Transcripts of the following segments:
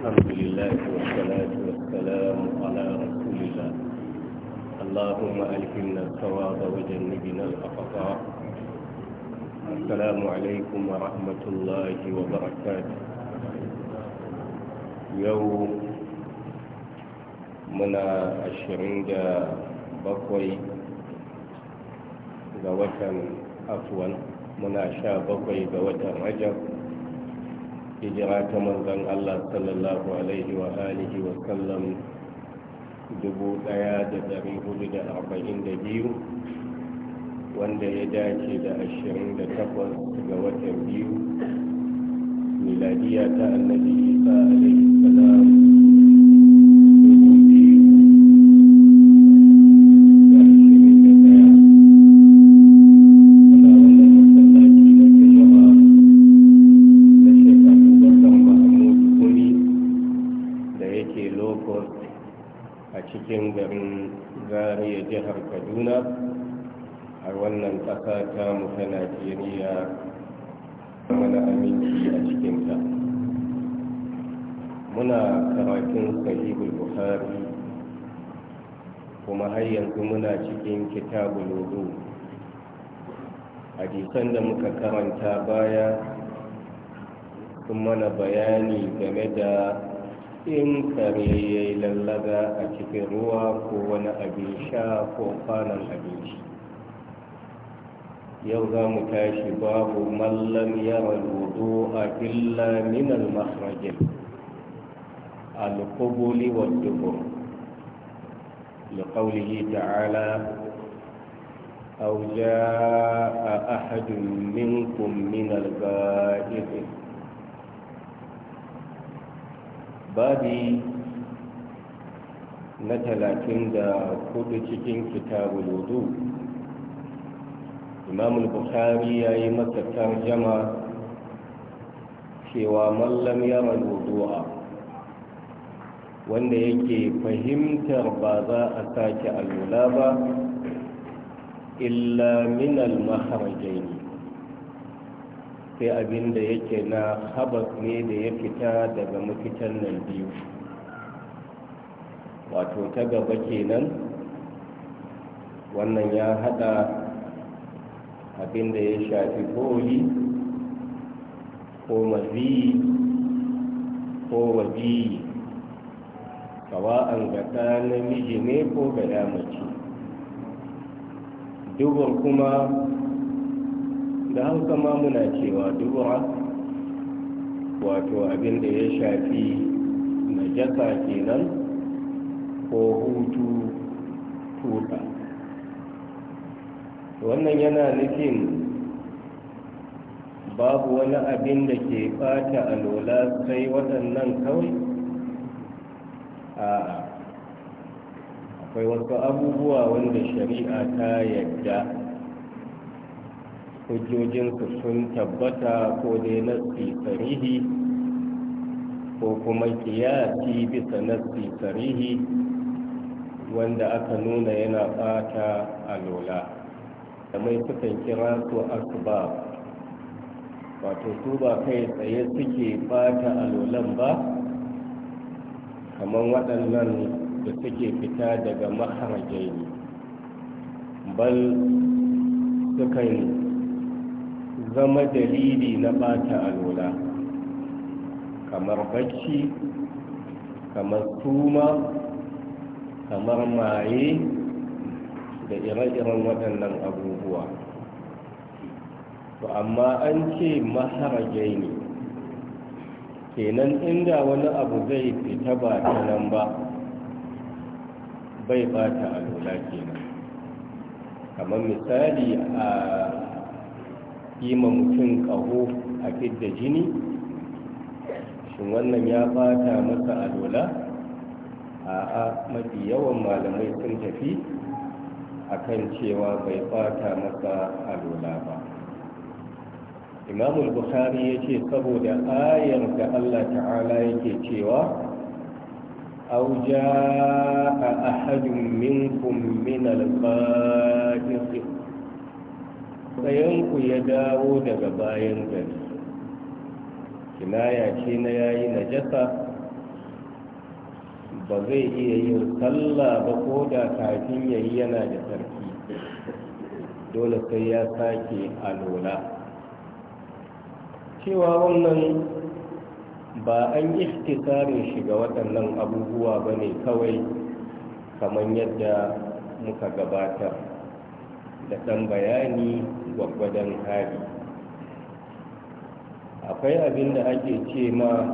الحمد لله والصلاة والسلام على رسول الله اللهم ألهمنا الصواب وجنبنا الأخطاء السلام عليكم ورحمة الله وبركاته يوم منا عشرين بقوي ga watan afwan muna بقوي bakwai رجب hijira ta manzan Allah sallallahu alaihi wa alihi wa sallam dubu wanda ya dace da 28 da ga watan biyu miladiya ta annabi isa alaihi wannan ta mu ta najeriya mana aminci a cikinta muna karatun sahihul buhari kuma har yanzu muna cikin kitabul wudu hadisan da muka karanta baya sun mana bayani game da in kare ya yi lallaga a cikin ruwa ko wani abin sha ko kwanan abinci yau za mu tashi babu mallam yara wudu a illa min al-makhrajin al-qubuli wad-dubur liqawlihi ta'ala aw a ahadun minkum min al-ghaib babi na talatin da kuɗi cikin kitabul wudu imam bukhari ya yi masa tarjama cewa mallam ya wudu'a wanda yake fahimtar ba za a sake alwala ba illa min ne. sai abinda yake na habas ne da ya fita daga mafitan nan biyu wato ta gaba kenan wannan ya hada abinda ya shafi boli ko mazi ko waji an gata na namiji ne ko ga yamaci dubur kuma da hauka ma muna cewa dubura wato abinda ya shafi najasa kenan ko hutu tuta wannan yana nufin babu wani abin da ke bata alola sai waɗannan kawai a akwai wasu abubuwa wanda shari'a ta yadda hujjojinsu sun tabbata ko dai nassi sarihi ko kuma kiyasi bisa nassi sarihi wanda aka nuna yana bata alola kamar sukan kira su asbab wato su ba kai tsaye suke bata alolan ba kamar waɗannan da suke fita daga maharajai ne bal sukan zama dalili na bata alola kamar bacci kamar tuma kamar maye da ire-iren waɗannan abubuwa to amma an ce maharagai ne kenan inda wani abu zai fita ba ta nan ba bai bata alola kenan kamar misali a yi ma mutum ƙaho a fidda jini shi wannan ya bata masa alola a mafi yawan malamai sun tafi akan cewa bai fata masa alola ba imamul bukhari ya ce saboda ayar da allah ta'ala yake cewa أو a أحد منكم من الغائط ɗayanku ya dawo daga bayan gari kinaya ce na yayi najasa ba zai iya yin sallah ba ko da kafin ya yi yana da sarki dole sai ya sake alola cewa wannan ba an tsarin shiga waɗannan abubuwa ba ne kawai kamar yadda muka gabata, da ɗan bayani gwaggwadon hari akwai abin da ake ce ma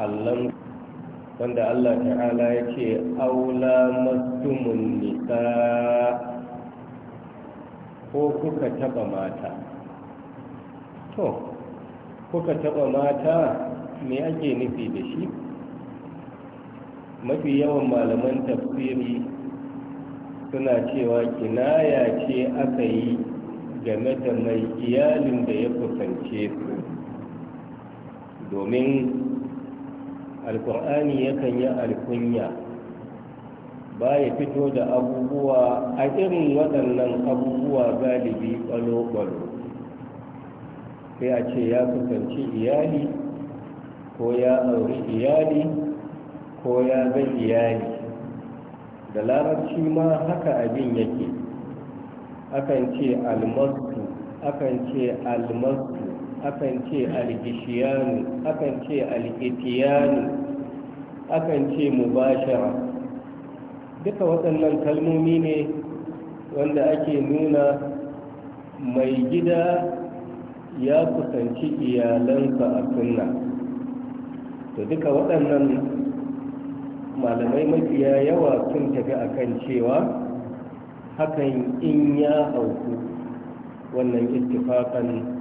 allon wanda Allah ta'ala ya ce aula mastumun nisa ko kuka taba mata to kuka taba mata me ake nufi da shi mafi yawan malaman tafsiri suna cewa kinaya ce aka yi game da mai iyalin da ya kusance su domin alkur'ani yakan yi alkunya ba ya fito da abubuwa a irin waɗannan abubuwa galibi ƙwalo-ƙwalo sai a ce ya kusanci iyali ko ya auri iyali ko ya ga iyali da larabci ma haka abin yake akan ce almasu akan ce almasu akan ce alkishiyanu akan ce alkitiyanu akan ce mubashara duka waɗannan kalmomi ne wanda ake nuna mai gida ya kusanci iyalansa a sunna to duka waɗannan malamai mafiya yawa sun tafi akan cewa hakan in ya hauku wannan ittifakan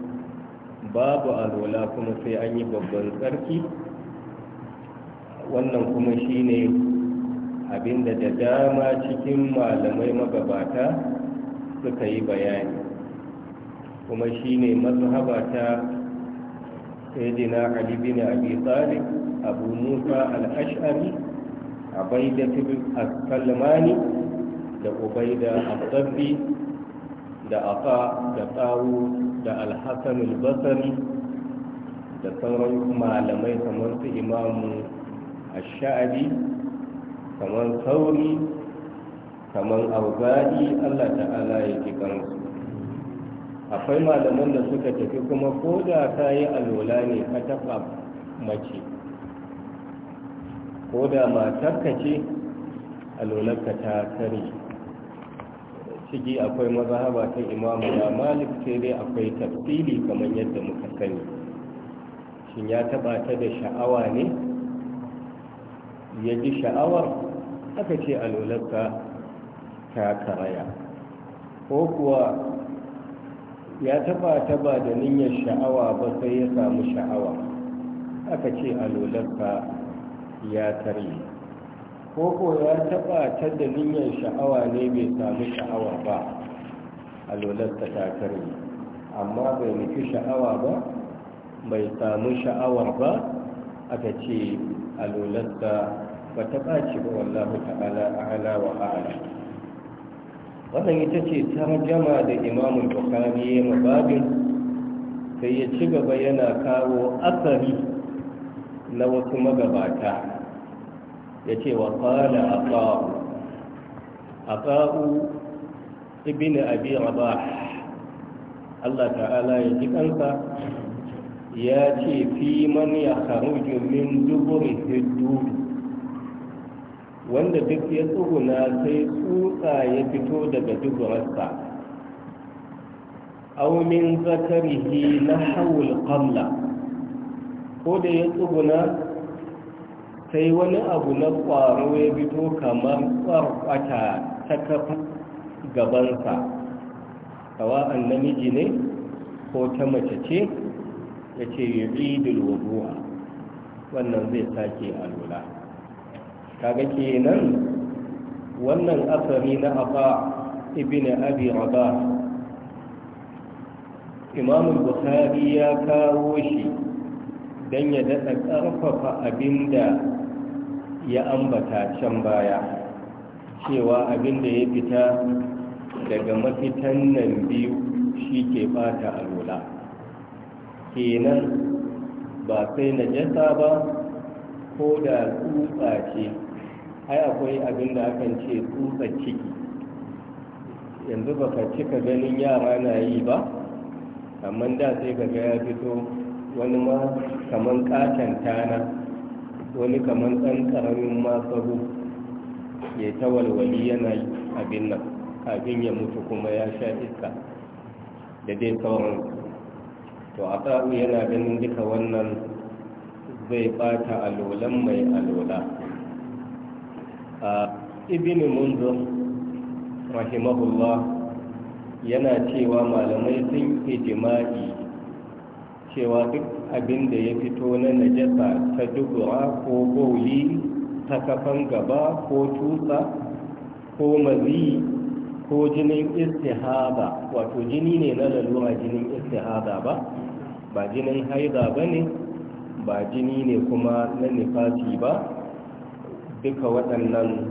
babu alwala kuma sai an yi babban tsarki wannan kuma shine abinda da dama cikin malamai magabata suka yi bayani kuma shine mazhaba ta sayyidina ali bin abi talib abu musa al-ash'ari ubaida al-kalmani da ubaida al-tabbi da aqa da tsawo. da alhassan albasari da sauran malamai kamar su imamu ash'abi kamar sauri kamar auzari allah ta'ala ya ji kansu akwai malaman da suka tafi kuma ko da ta yi alwala ne ka taɓa mace ko da matarka ce ka ta kari. ciki akwai mazahaba ta imamu malik sai dai akwai tafsili kamar yadda muka sani shin ya taba ta da sha'awa ne ya ji sha'awar aka ce alolarsa ta karaya ko kuwa ya taba ta ba da niyyar sha'awa ba sai ya samu sha'awa aka ce alolarsa ya tarihi koko ya taba ta dalilin sha'awa ne bai sami sha'awa ba a lolarta takar amma bai nufi sha'awa ba bai sami sha'awar ba aka ce a lolarta ba ta ɓaci ba wallahu ta'ala ala wa ala wannan ita ce ta jama da imamun bukari ya mababin sai ya ci gaba yana kawo asari na wasu magabata ya ce wa A aqa'u aqa'u ibn abi rabah Allah ta'ala ya ji kanka ya ce fi man ya kharuju min duburi hidduri wanda duk ya tsuguna sai tsutsa ya fito daga duburarsa aw min zakarihi na hawul qamla ko da ya tsuguna sai wani abu na ƙwaro ya fito kamar ƙwarƙwata ta kafa gabansa an namiji ne ko ta mace ce ya ce yi ridul wuduwa wannan zai sake alula kaga kenan wannan asari na aba ibn abi rabah imam bukhari ya kawo shi don ya daɗa ƙarfafa abinda ya ambata can baya cewa abinda ya fita daga mafitan nan biyu shi ke bata lola kenan ba sai najasa ba ko da tsutsa ce ai akwai abin da akan ce tsutsa ciki yanzu ba ka cika ganin yara na yi ba amma da sai kaga ga ya fito wani ma kamar katon tana wani kamar ɗan ƙaramin masaru ya ta walwali yana abin nan kafin ya mutu kuma ya sha iska da dai sauran to a sa'u yana ganin duka wannan zai bata alolan mai alola a ibini munzo rahimahullah yana cewa malamai sun ijima'i cewa duk abin da ya fito na najasa ta dubura ko bauli ta kafan gaba ko tusa ko mazi ko jinin istihaba wato jini ne na lalura jinin istihaba ba ba jinin haida ba ne ba jini ne kuma na nifasi ba duka waɗannan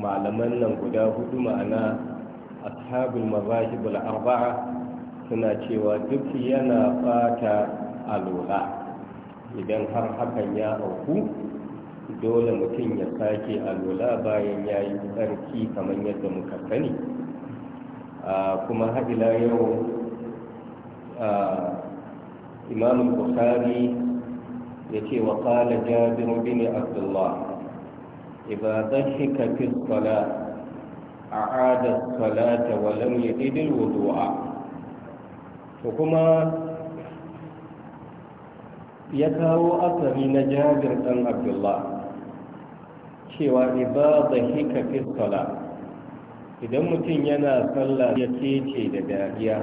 malaman nan guda hudu ma'ana ashabul mazahibul arba'a suna cewa duk yana fata alola idan har hakan ya auku dole mutum ya sake alola bayan ya yi tsarki kamar yadda muka sani kuma haɗila yau imam bukhari ya ce wa ƙala jabir bin abdullah إذا ضحك في الصلاة أعاد الصلاة ولم يعد الوضوء to kuma ya kawo asali na jabir ɗan abdullah cewa iba da hika fistola idan mutum yana sallah ya kece da dariya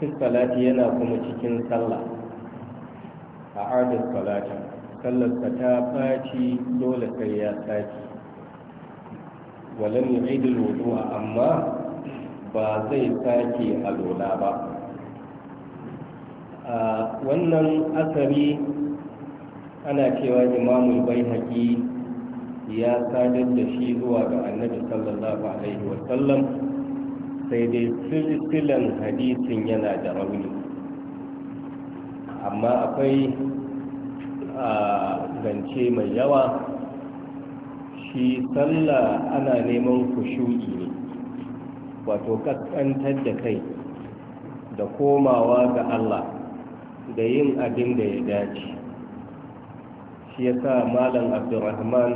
fistolati yana kuma cikin sallah a adis salatin sallarsa ta faci dole sai ya saki walam yi aidil amma ba zai sake alola ba a wannan asari ana cewa imamul bai ya sadar da shi zuwa ga annabi sallallahu alaihi wasallam sai dai silsilan hadisin yana da rauni amma akwai a zance mai yawa shi sallah ana neman kushu'i ne wato kaskantar da kai da komawa ga Allah da yin abin da ya dace shi ya sa malam abdurrahman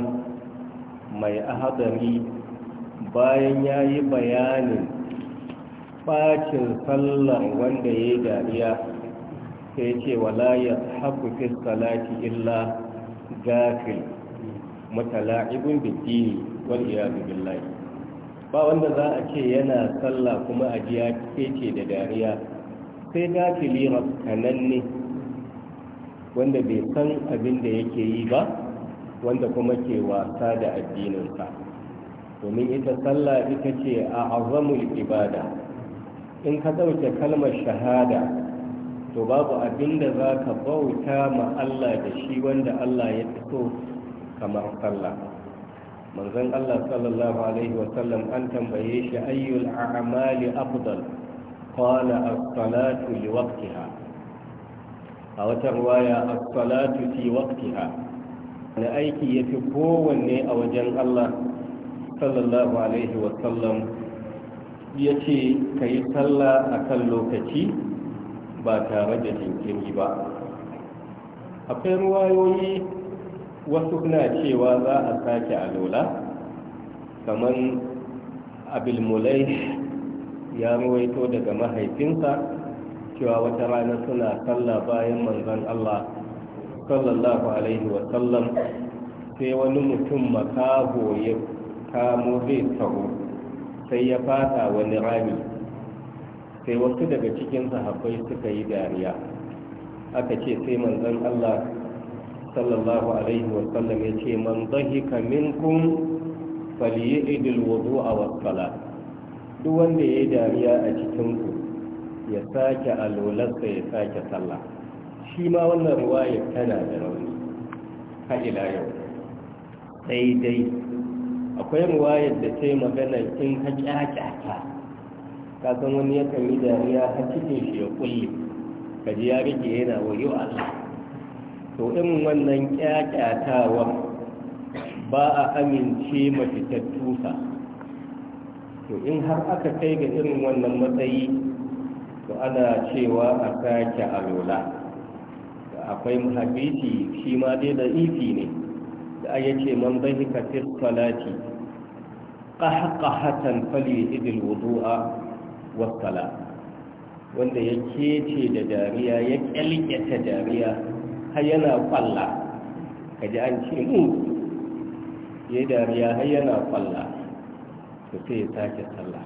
mai ahadari bayan ya yi bayanin bacin sallar wanda ya yi dariya sai ce wala ya haku fi salati illa gafil mutala'ibin bikini wal iyadu billahi ba wanda za a ce yana sallah kuma a jiya keke da dariya sai dakili kananne. wanda bai san abin da yake yi ba wanda kuma ke wasa da addininsa domin ita sallah ita ce a azamul ibada in ka ɗauke kalmar shahada to babu abin da za ka bauta ma Allah da shi wanda Allah ya fito kamar sallah manzon Allah sallallahu alaihi Sallam an tambaye shi ayyul a'mali afdal qala as-salatu li waqtiha a wata riwaya as-salatu fi waqtiha na aiki yafi kowanne a wajen Allah sallallahu alaihi wasallam yace kai sallah akan lokaci ba tare da jinkiri ba akwai ruwayoyi wasu na cewa za a sake alola kamar abilmulai ya ruwaito daga mahaifinsa cewa wata rana suna salla bayan manzan Allah sallallahu alaihi wasallam sai wani mutum makaho ya kamo zai taho sai ya fata wani rami sai wasu daga cikin sahabbai suka yi dariya aka ce sai manzan Allah sallallahu alaihi wasallam ya ce man dhahika minkum falyi'idil wudu'a was sala duk wanda yayi dariya a cikin ku ya sake alolarsa ya sake sallah shi ma wannan riwayar tana da rauni ha ila yau sai dai akwai riwayar da ta yi magana in ka kyakyata ka san wani yakan yi dariya har cikin shi ya kulle ka ji ya rage yana wayo Allah to in wannan kyakyatawan ba a amince mafitattusa to in har aka kai ga irin wannan matsayi to ana cewa a sake alola akwai hadisi shi ma dai da ifi ne da aya ce man bai fi salati qahqahatan fali idil wudu'a was sala wanda ya kece da dariya ya kyalkyata dariya har yana kwalla ka ji an ce mu hmm. ya yi dariya har yana kwalla to sai ya sake sallah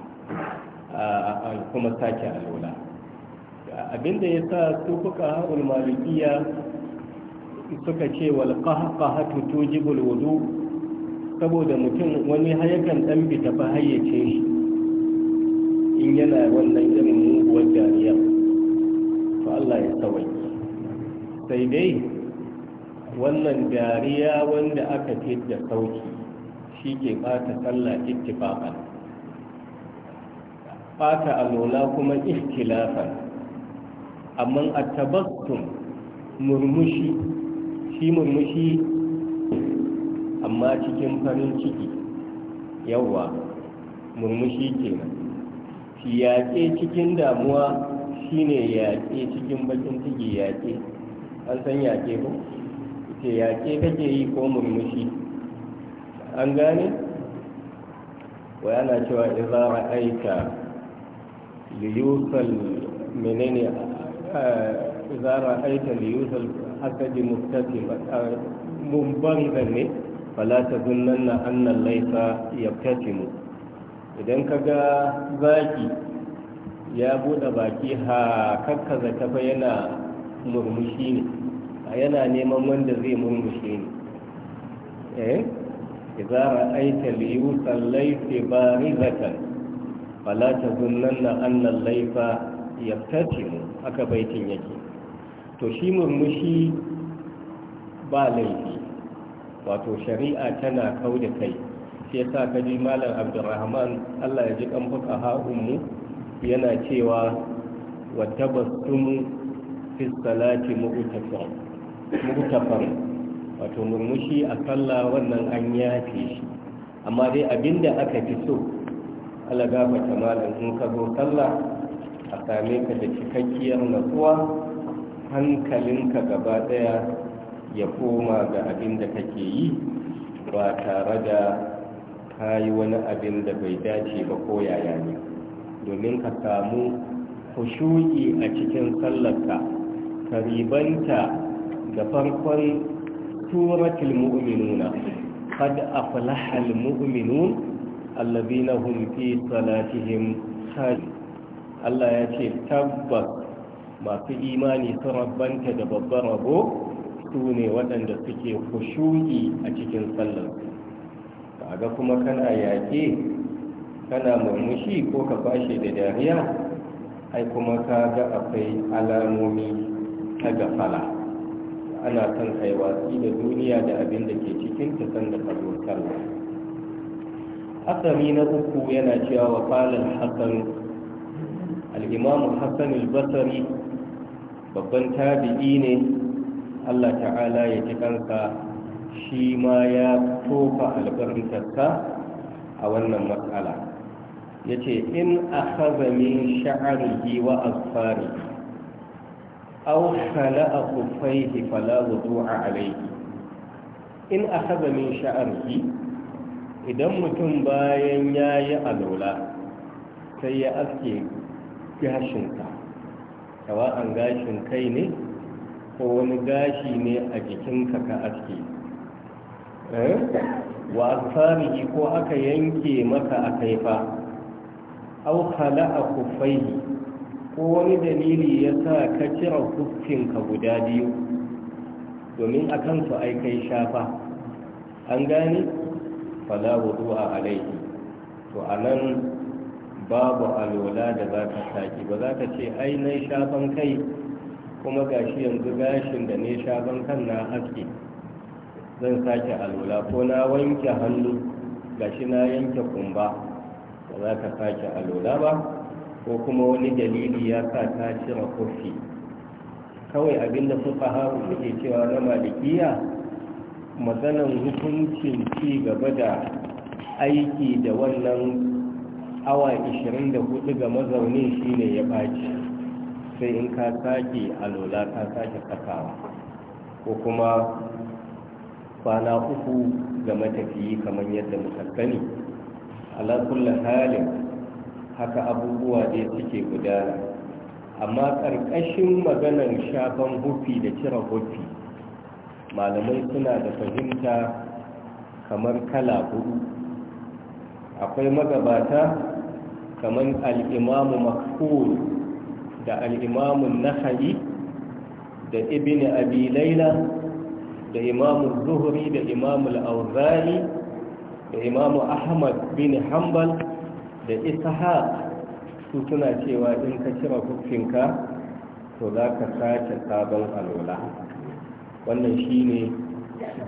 kuma sake alola abinda ya sa su fuka ulmalikiya suka ce wal to tujibul wudu saboda mutum wani hayakan ɗan bi tafi hayyace shi in yana wannan irin muguwar dariya to Allah ya sawai. sai dai wannan dariya wanda aka da sauki shi ke bata sallah ittifaqan bata alola kuma ikhtilafan amma at murmushi shi murmushi amma cikin farin ciki yawa murmushi kenan shi yaƙe cikin damuwa shine yaƙe cikin bakin ciki yaƙe an san yaƙe ko ce yaƙe kake yi ko murmushi an gane wa yana cewa iza ra'aita liyusal menene eh, iza ra'aita liyusal asadi muktasi eh, mumban zanne fala ta zunanna annan laifa mu. idan ka ga zaki ya bude baki ha kakkaza ta yana murmushi ne a yana neman wanda zai murmushi ne eh idza ra'aita liyusa zunan na fala tazunna anna laifa layfa yaftatimu aka baitin yake to shi murmushi ba laifi wato shari'a tana kau da kai Sai ta ka ji malam abdurrahman Allah ya ji kan fuka mu, yana cewa wa tabassumu fi salati mu'tafar wato murmushi a sallah wannan an yafe shi amma dai abinda aka fi so Allah gafata malam in ka zo sallah a same ka da cikakkiyar natsuwa hankalinka gaba daya ya koma ga abinda kake yi ba tare da ka yi wani abin da bai dace ba ko yaya ne domin ka samu kushuki a cikin sallarka karibanta da farkon turatul mu'minuna qad aflaha al mu'minun alladhina hum fi salatihim khashi'un Allah ya ce tabbas masu imani sun rabbanta da babban rabo su ne waɗanda suke kushu'i a cikin sallar ga kuma kana yaƙe kana murmushi ko ka fashe da dariya ai kuma ka ga akwai alamomi ta fala ana son kai da duniya da abin da ke cikin ta san da kazo sallah na uku yana cewa wa falon hasan al hasan al babban tabi'i ne Allah ta'ala ya ci kansa shi ma ya tofa albarkatarsa a wannan matsala ya ce in a haza min sha'arihi wa asfarihi aw khala'a khuffaihi fala wudu'a alayhi in akhadha min sha'rihi idan mutum bayan ya yayi alwala sai ya aske gashinsa an gashin kai ne ko wani gashi ne a jikinka ka aske wa asfarihi ko aka yanke maka a kaifa aw khala'a khuffaihi ko wani dalili ya sa ka cire ka guda biyu domin a kansu aikai shafa an gani falawo zuwa a alaihi to a nan babu alola da za ka saki ba za ka ce ai shafan kai kuma gashi yanzu gashin da ne shafan kan na haske zan sake alola ko na wanke hannu gashi na yanke kumba ba za ka sake alola ba ko kuma wani dalili ya sa ta cire kofi kawai abinda suka haru suke cewa na malikiya maganan hukuncin ci gaba da aiki da wannan awa 24 ga mazaunin shine ya baci sai in ka sake alola ka sake kasawa ko kuma kwana uku ga matafiyi kamar yadda muka gani ala kullu halin haka abubuwa dai suke gudana amma ƙarƙashin maganar shafan hufi da cire hufi malamai suna da fahimta kamar kala hudu akwai magabata kamar al'imamu makhul da Al'imamu nahari da ibini abilaila da Imamu zuhuri da imamu al’auzari da imamu ahmad bin Hambal. da ha su suna cewa in ka cire kuffinka, to za ka sace sabon alola wannan shine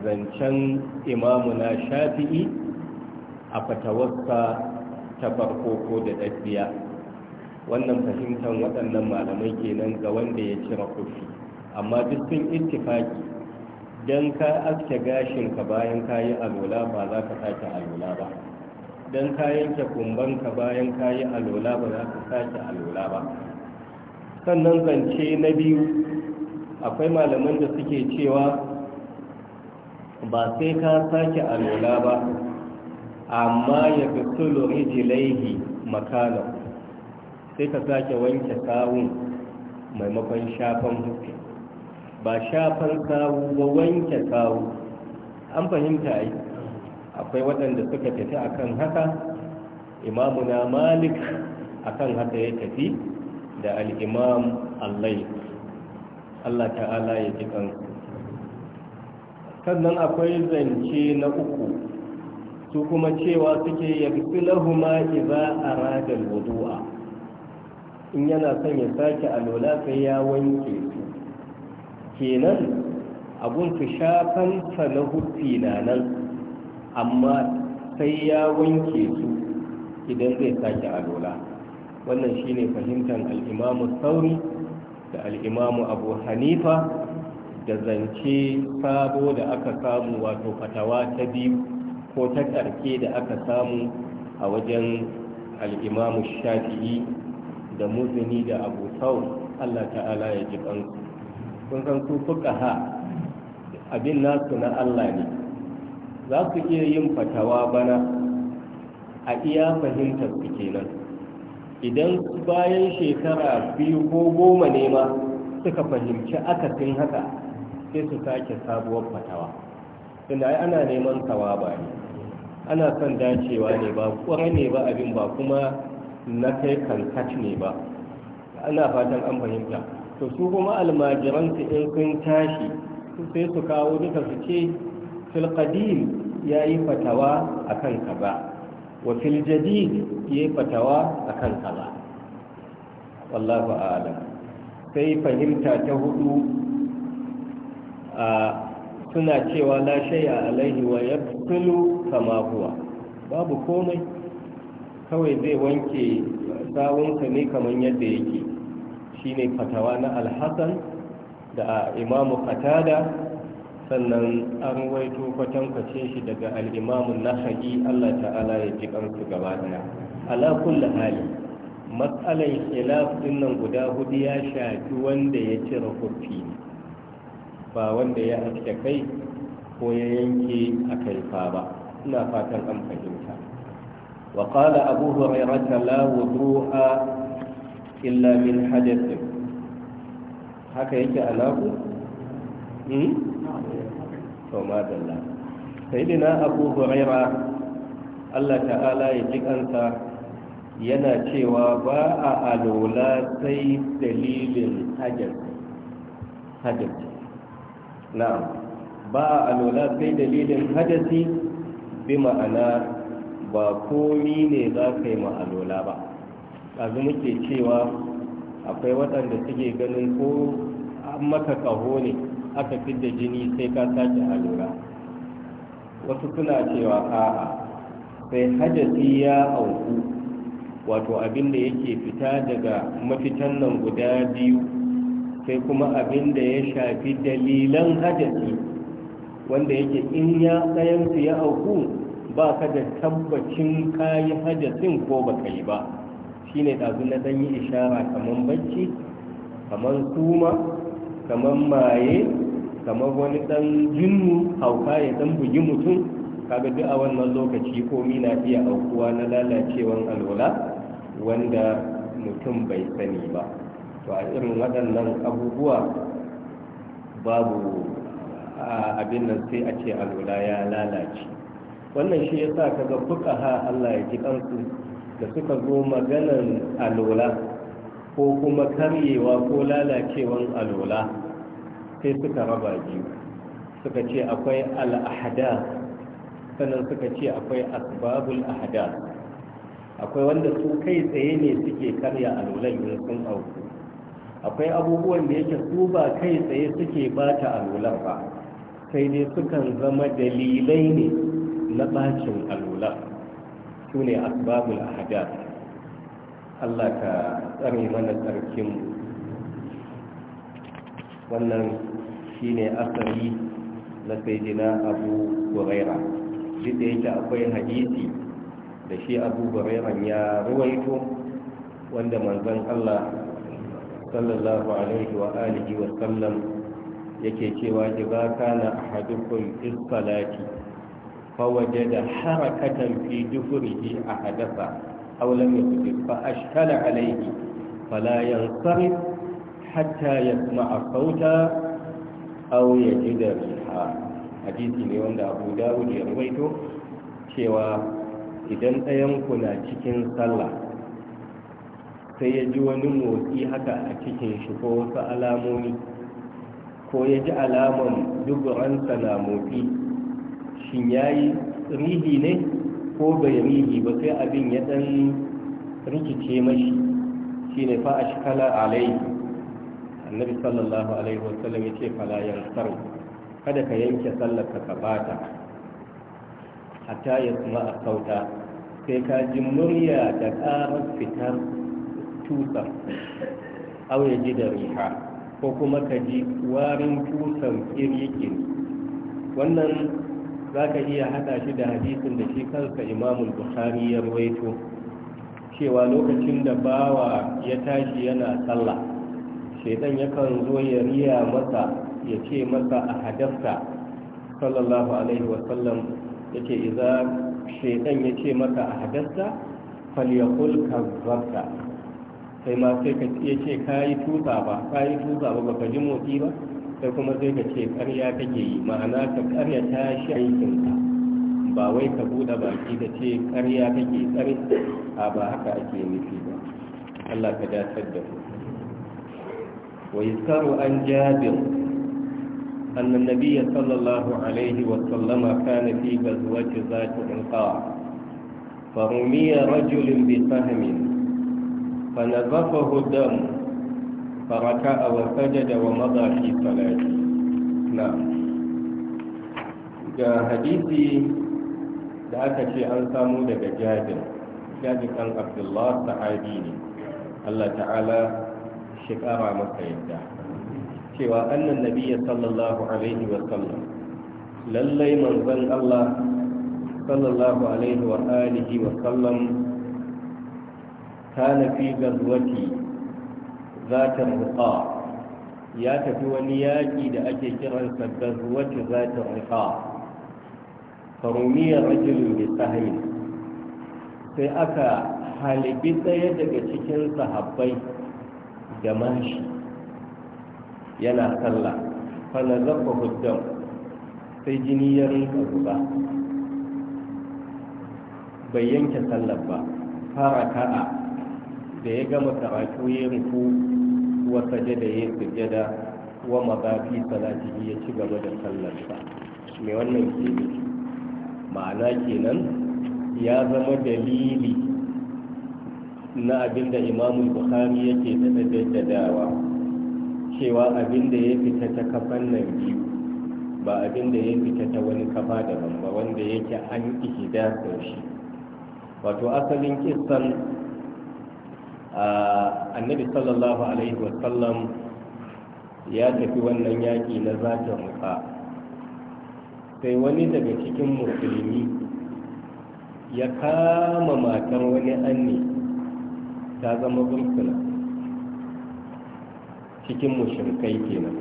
zancen imamu na shafi'i a fatawarsa ta farko ko da ɗabiya wannan fahimtar waɗannan malamai kenan ga wanda ya cire kufi amma duk sun ittifaki don ka aske gashinka bayan ka yi alola ba za ka sake alola ba don ka yanke kumbanka bayan ka yi alola ba za ka sake alola ba sannan zance na biyu akwai malaman da suke cewa ba sai ka sake alola ba amma ya fi tulori jilaihi makanan sai ka sake wanke sawun maimakon shafan hufi ba shafan sawu ba wanke sawu an fahimta yi akwai waɗanda suka tafi akan haka imamuna malik akan haka ya tafi da al'imam allai allah ta'ala ya ji kansu sannan akwai zance na uku su kuma cewa suke yafi lahuma iza a radar wudu'a in yana son ya sake alola sai ya wanke su kenan abun su shafan na hufi na nan amma sai ya wanke su idan zai sake alola wannan shine fahimtar al'imamu sauri da al'imamu abu hanifa da zance sabo da aka samu wato fatawa ta biyu ko ta ƙarke da aka samu a wajen al'imamu shafi'i da muzini da abu sau allah ta'ala ya ji ƙansu kun san su fuka ha abin nasu na allah ne za su iya yin fatawa bana a iya fahimtar su kenan idan bayan shekara biyu ko goma ne ma suka fahimci akasin haka sai su sake sabuwar fatawa tunda ai ana neman sawaba ne ana son dacewa ne ba kwarai ne ba abin ba kuma na kai kankat ne ba ana fatan an fahimta to su kuma almajiransu in sun tashi sai su kawo duka su ce fil qadim yayi fatawa akan kaza wa fil jadid yayi fatawa akan kaza wallahu a'lam sai fahimta ta hudu a suna cewa la shay'a alaihi wa yabtulu kama huwa babu komai kawai zai wanke tsawonka ne kamar yadda yake shine fatawa na alhassan da imamu qatada sannan an waito kwatankwacin shi daga al'imamun na haƙi Allah ta'ala ya ji ƙarfi gaba daya Alakun da hali matsalan khilaf din nan guda hudu ya shafi wanda ya cire kurfi ba wanda ya aske kai ko ya yanke a kaifa ba ina fatan an fahimta wa ƙala abu hurairah la wudu'a illa min hadath haka yake alaku hmm? to madalla sayyidina abu huraira Allah ta'ala ya ji kansa yana cewa ba a alola sai dalilin hajar hajar ba a alola sai dalilin hajasi bi ma'ana ba komi ne za ka yi ma'alola ba ɗazu muke cewa akwai waɗanda suke ganin ko an maka kaho ne aka fidda jini sai ka sake alura wasu suna cewa a'a sai hajjati ya auku wato abin da yake fita daga mafitan nan guda biyu sai kuma abin da ya shafi dalilan hajjati wanda yake in ya tsayansu ya auku ba ka da tabbacin kayi hajjatin ko ba ka yi ba Shi ne ɗazu na ɗanyi ishara kamar bacci kamar kuma. kamar maye kamar wani dan jinnu hauka ya dan bugi mutum kaga duk a wannan lokaci komi na iya aukuwa na lalacewan alwala wanda mutum bai sani ba to a irin waɗannan abubuwa babu abin nan sai a ce alwala ya lalace wannan shi ya sa kaga fuka ha Allah ya ji kansu da suka zo maganan alwala ko kuma karyewa ko lalacewan alola sai suka raba biyu suka ce akwai al'ahada sannan suka ce akwai asbabul ahada akwai wanda su kai tsaye ne suke karya alolan yin sun auku akwai abubuwan da yake su ba kai tsaye suke bata alolan ba sai dai sukan zama dalilai ne na bacin alolan su ne asbabul ahada Allah ka tsare mana tsarkinmu wannan shi ne asali na saidina abu guraira duk da yake akwai hadisi da shi abu guraira ya ruwaito wanda manzan Allah sallallahu alaihi wa alihi wa sallam yake cewa idza kana ahadukum fi salati da harakatan fi a ahadatha aw lam yaqdir fa ashkala alayhi fala yansarif hatta yasma'a sauta aw yajida riha hadisi ne wanda Abu Dawud ya rawaito cewa idan ɗayan ku na cikin sallah sai ya ji wani motsi haka a cikin shi ko wasu alamomi ko ya ji alaman duburansa na motsi shin ya yi rihi ne ko bai yamihi ba sai abin ya dan rikice mashi shine fa ashkala alai annabi sallallahu alaihi wasallam yace fala yansar kada ka yanke sallar ka bata hatta ya kuma a sauta sai ka ji murya da ƙarar fitar tusa au ya ji da riha ko kuma ka ji warin tusan kirikiri wannan za ka iya hada shi da hadisin da shi kansa imamul bukhari ya rawaito cewa lokacin da bawa ya tashi yana sallah shaitan yakan zo ya riya masa ya ce masa a hadafta sallallahu alaihi wasallam ya ce iza shaitan ya ce maka a hadasta falyakul kazzabta sai ma sai ka ce ka yi tusa ba ka yi tusa ba ka ji motsi ba sai kuma zai ka ce ƙarya kake yi ma'ana ka ƙarya ta shi aikinka ba wai ka buɗe baki da ce ƙarya kake tsari a ba haka ake nufi ba Allah ka da ku wa yuskaru an jabir أن النبي صلى الله عليه وسلم كان في غزوة ذات عنقاع فرمي رجل بسهم فنزفه الدم فركع وسجد ومضى في صلاته نعم ga hadisi da aka ce an samu daga jabir jabir kan abdullah sahabi ne Allah ta'ala shi kara masa yadda cewa annan nabiyya sallallahu alaihi wa sallam lallai manzon Allah sallallahu alaihi wa alihi wa sallam kana fi gazwati zatar riƙa ya tafi wani yaƙi da ake kiransa gazuwatu zatar riƙa farumiyar rajulun bi sahayi sai aka halibi ɗaya daga cikin sahabbai da mashi yana sallah fana zafa sai jini ya bai yanke sallar ba fara ka'a da ya gama karatu ya rufu wa sajada ya sujada wa mabafi salatihi ya ci gaba da sallarsa me wannan ke ma'ana kenan ya zama dalili na abinda imamu bukhari yake da jaddadawa cewa abinda ya fita ta kafan nan biyu ba abinda ya fita ta wani kafa daban ba wanda yake an ihida shi wato asalin kisan. annabi sallallahu alaihi wasallam ya tafi wannan yaƙi na zatin ruka sai wani daga cikin musulmi ya kama matar wani anni ta zama burkina cikin mushirkai kenan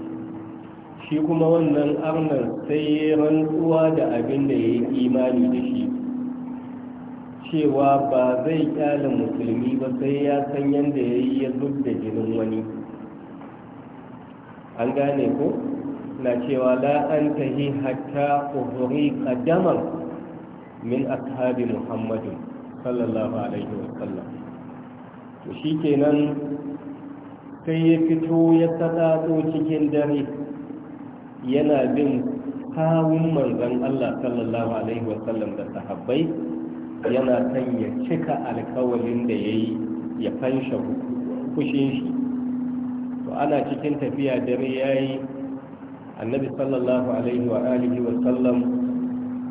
shi kuma wannan arnar sai ya rantsuwa da abin da ya yi imani da shi cewa ba zai kyale musulmi ba sai ya san yadda ya yi ya zub da jinin wani an gane ko na cewa la an tahi hatta uhuri ƙaddamar min ashabi muhammadin sallallahu alaihi wasallam to shi kenan sai ya fito ya tsatso cikin dare yana bin kawun manzon allah sallallahu alaihi wasallam da sahabbai yana son ya cika alkawalin da ya yi ya fansha kushin shi to ana cikin tafiya dare ya yi annabi sallallahu alaihi wa alihi wa sallam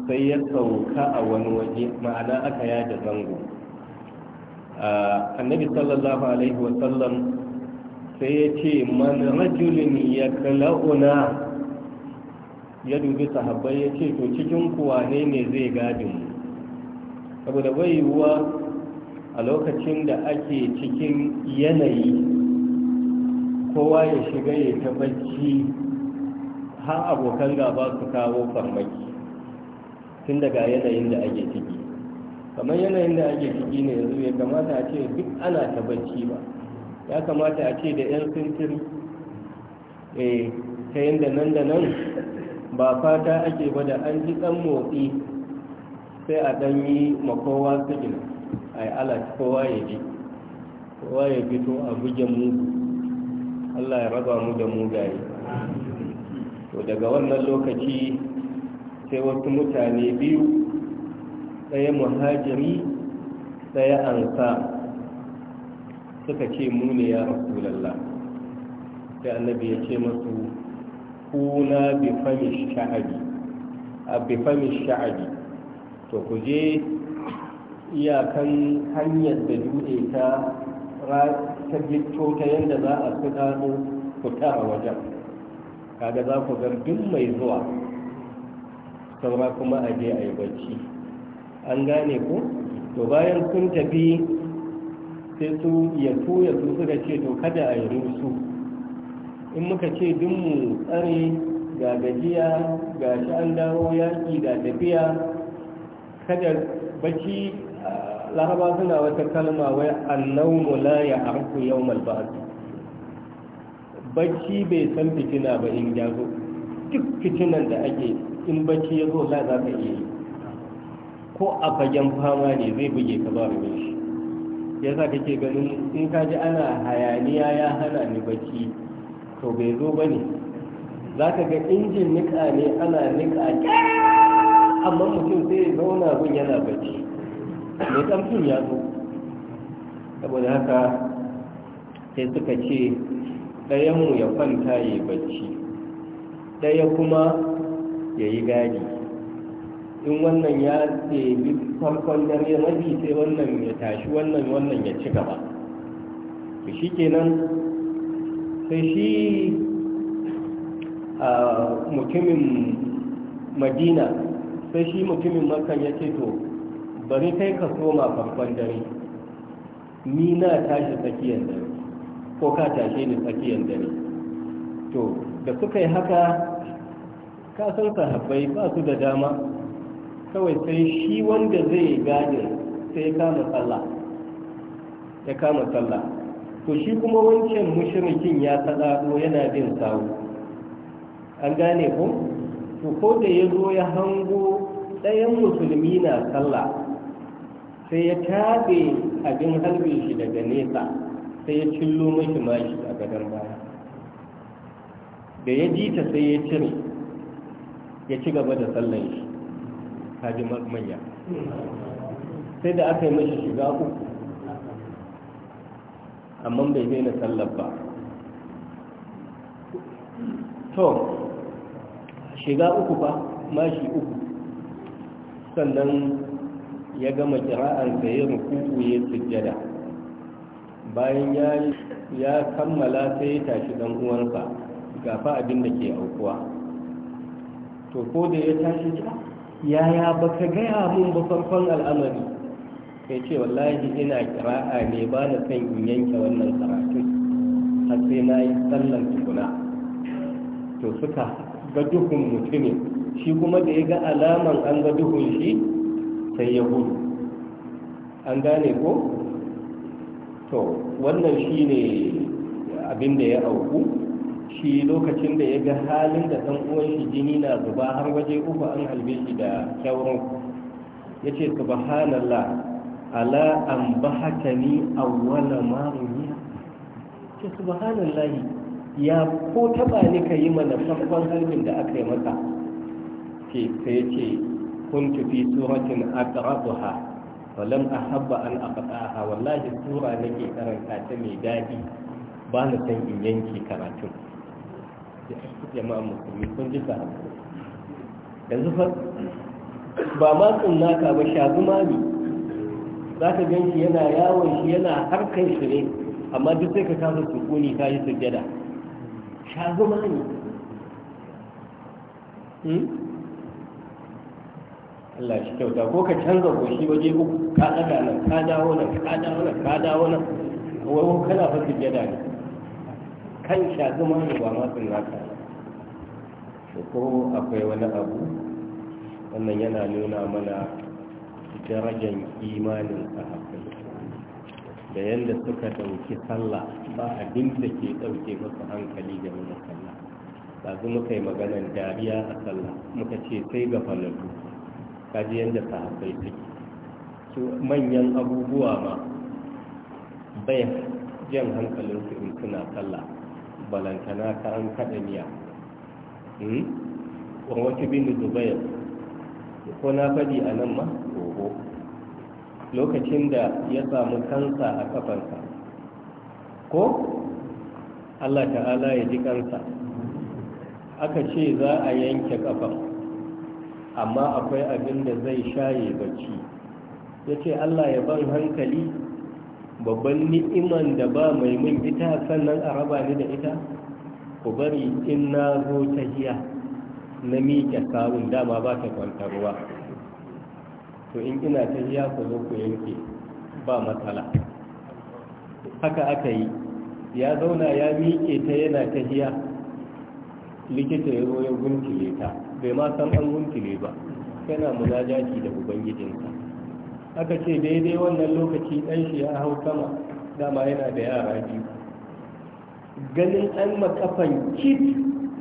sai ya sauka a wani waje ma'ana aka yada zango annabi sallallahu alaihi wa sallam sai ya ce man rajulin ya kala'una ya dubi sahabbai ya ce to cikin kuwa ne ne zai gadin mu saboda bai yiwuwa a lokacin da ake cikin yanayi kowa ya shiga ya tabbaci har abokan gaba su kawo farmaki tun daga yanayin da ake ciki kamar yanayin da ake ciki ne yanzu ya kamata a ce duk ana tabbaci ba ya kamata a ce da 'yan sintir eh, ta da nan da nan ba fata ake ba da an ji dan motsi sai a dan yi makowa sigina a yi alaci kowa ya ji kowa ya to a buge mu allah ya raba mu da mugaye to daga wannan lokaci sai wasu mutane biyu ɗaya muhajiri ɗaya ansa suka ce mu ne ya rasulallah sai annabi ya ce masu kuna bifami sha'abi a bifami sha'abi to ku je iyakan hanyar da dutse ta ta gito ta yadda za a fi gano ku a wajen kaga za ku gar mai zuwa saura kuma a je a yi bacci an gane ku to bayan kun tafi sai su ya su su suka ce to kada a yi rusu in muka ce duk tsare ga gajiya ga shi an dawo yaƙi ga tafiya kada bacci ah, laraba suna wata kalma wai annawmu la ya arku yawmal ba'd baki bai san fitina ba in ya duk fitinan da ake in bacci ya zo la za ka iya yi ko a fagen fama ne zai buge ka ba ruwan shi yasa kake ganin in ka ji ana hayaniya ya hana ni baki to bai zo ba ne za ka ga injin niƙa ne ana niƙa amma mutum sai ya zauna gun yana bacci mai kamfin ya zo saboda haka sai suka ce ɗayanmu ya kwanta ya bacci ɗaya kuma ya yi gadi in wannan ya tsebi farkon dare mafi sai wannan ya tashi wannan wannan ya ci gaba to shi kenan sai shi a ah, mutumin madina sai shi mutumin makan ya ce to bari kai ka soma farkon dare ni na tashi tsakiyar dare ko ka tashe ni tsakiyar dare to da suka yi haka ka san sahabbai ba su da dama kawai sai shi wanda zai gane sai kama tsalla ya kama tsalla to shi kuma wancan mushirikin ya ko yana bin sawu an gane ku to ko da ya zo ya hango ɗayan musulmi na sallah sai ya tabe abin harbin shi daga nesa sai ya cillo mashi mashi a gadon baya da ya ji sai ya cire ya ci gaba da sallan shi kaji manya sai da aka yi mashi shiga uku amma bai daina sallar ba to shiga uku ba, mashi uku sannan ya gama da ya rukuku ya sujjada bayan ya kammala sai ya tashi dan uwansa ga fa abin da ke aukuwa to ko da ya tashi ya yaya baka gaya mun ba farkon al'amari kai ce wallahi ina kira'a ne ba na son in yanke wannan karatun har sai na yi sallan tukuna to suka ga duhun mutumin shi kuma da ya ga alaman an ga duhun shi sai ya gudu an gane ko to wannan shi ne abin da ya auku shi lokacin da ya ga halin da ɗan uwan shi jini na zuba har waje uku an halbe shi da kyawun ya ce subhanallah ala an bahatani awwala maruniya ce su subhanallahi ya ko taba ni ka yi mana sabon harbin da aka yi masa? ke sai ce kun tafi suratin aqrabuha wa lam ahabba an aqta'aha wallahi sura nake karanta ta mai dadi ba na san in yanke karatun jama'a musulmi kun ji ka yanzu fa ba ma tsunna ka ba zuma ne. za ka gan shi yana yawon shi yana harkar shi ne amma duk sai ka kasa tukuni ka yi sujjada shago matsayi hmm? Allah shi kyauta ko ka canza goshi waje uku ka daga nan ka dawo nan ka dawo nan ka dawo nan wai kana fa sujjada ne kan shago ma ne ba ma sun naka ko akwai wani abu wannan yana nuna mana darajar imanin sahabbai da yadda suka dauki sallah ba abinda ke ɗauke masu hankali game da sallah ɗazu muka yi maganar dariya a sallah muka ce sai ga falalu kaji yadda sahabbai take su manyan abubuwa ma bai jan hankalinsu in suna sallah balantana ta an kaɗa miya hmm? wata bin zubair ko na faɗi a nan ma lokacin da ya samu kansa a kafansa ko Allah ta'ala ya ji karsa aka ce za a yanke kafar amma akwai abin da zai shaye bacci ya ce Allah ya ban hankali babban ni'iman da ba mai min ita sannan a raba ni da ita ku bari in na zo ta hiya na miƙe kawun dama ba ta kwantarwa to in ina ta hiya ku zo ku yanke ba matsala haka aka yi ya zauna ya miƙe ta yana ta hiya likita ya zo ya guntule ta bai ma san an guntule ba yana munajati da ubangijinsa aka ce daidai wannan lokaci ɗan shi ya hau sama dama yana da yara biyu ganin an makafan kit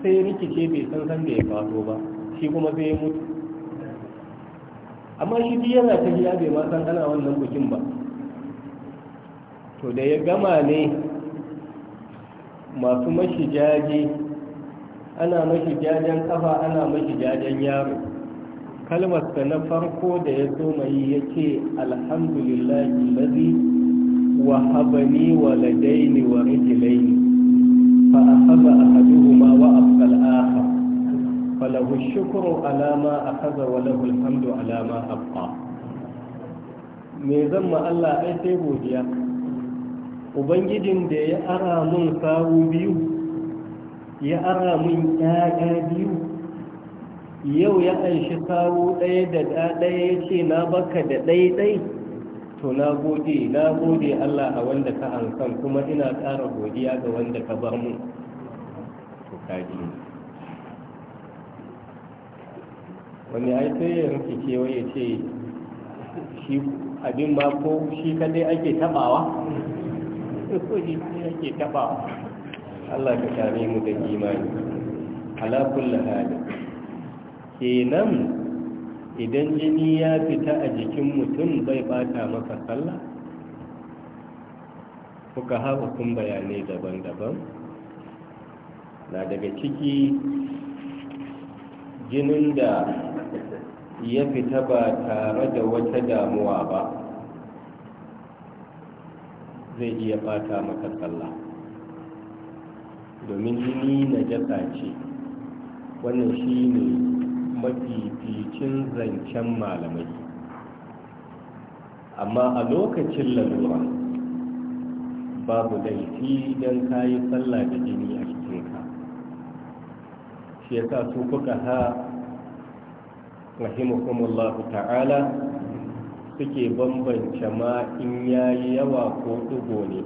sai rikice bai san san da ya faso ba shi kuma sai ya mutu amma shi biyu yana hiya bai ma san ana wannan bukin ba to da ya gama ne masu ana mashi jajen kafa ana mashi jajen yaro kalmarsa na farko da ya so mai ya ce alhamdulillahi mazi wa habani wa ladaini wa rijilaini fa akhadha ahaduhuma wa afqa al falahu ash-shukru ala ma wa lahu al-hamdu me zan ma Allah ai sai godiya ubangijin da ya ara mun sawu biyu ya ara mun ƴaƴa biyu yau ya anshi sawu ɗaya da ɗaya ya ce na baka da ɗai-ɗai, to na gode na gode Allah a wanda ka ansan kuma ina ƙara godiya ga wanda ka bar mu to kaji wani ai sai ya rufe kewa ya ce shi abin ba ko shi kadai ake tabawa shi yake taba Allah ka same mu da imani ala kulli hali kenan idan jini ya fita a jikin mutum bai bata maka sallah kuka haɓa kun bayanai daban-daban na daga ciki jinin da ya fita ba tare da wata damuwa ba zai iya bata maka sallah domin jini na jasa ce wannan shi ne mafificin zancen malamai amma a lokacin lalura babu laifi don kayi sallah da jini a cikinka shi ya sa su kuka ha rahimahumullahu ta'ala suke bambance ma in yi yawa ko ɗigo ne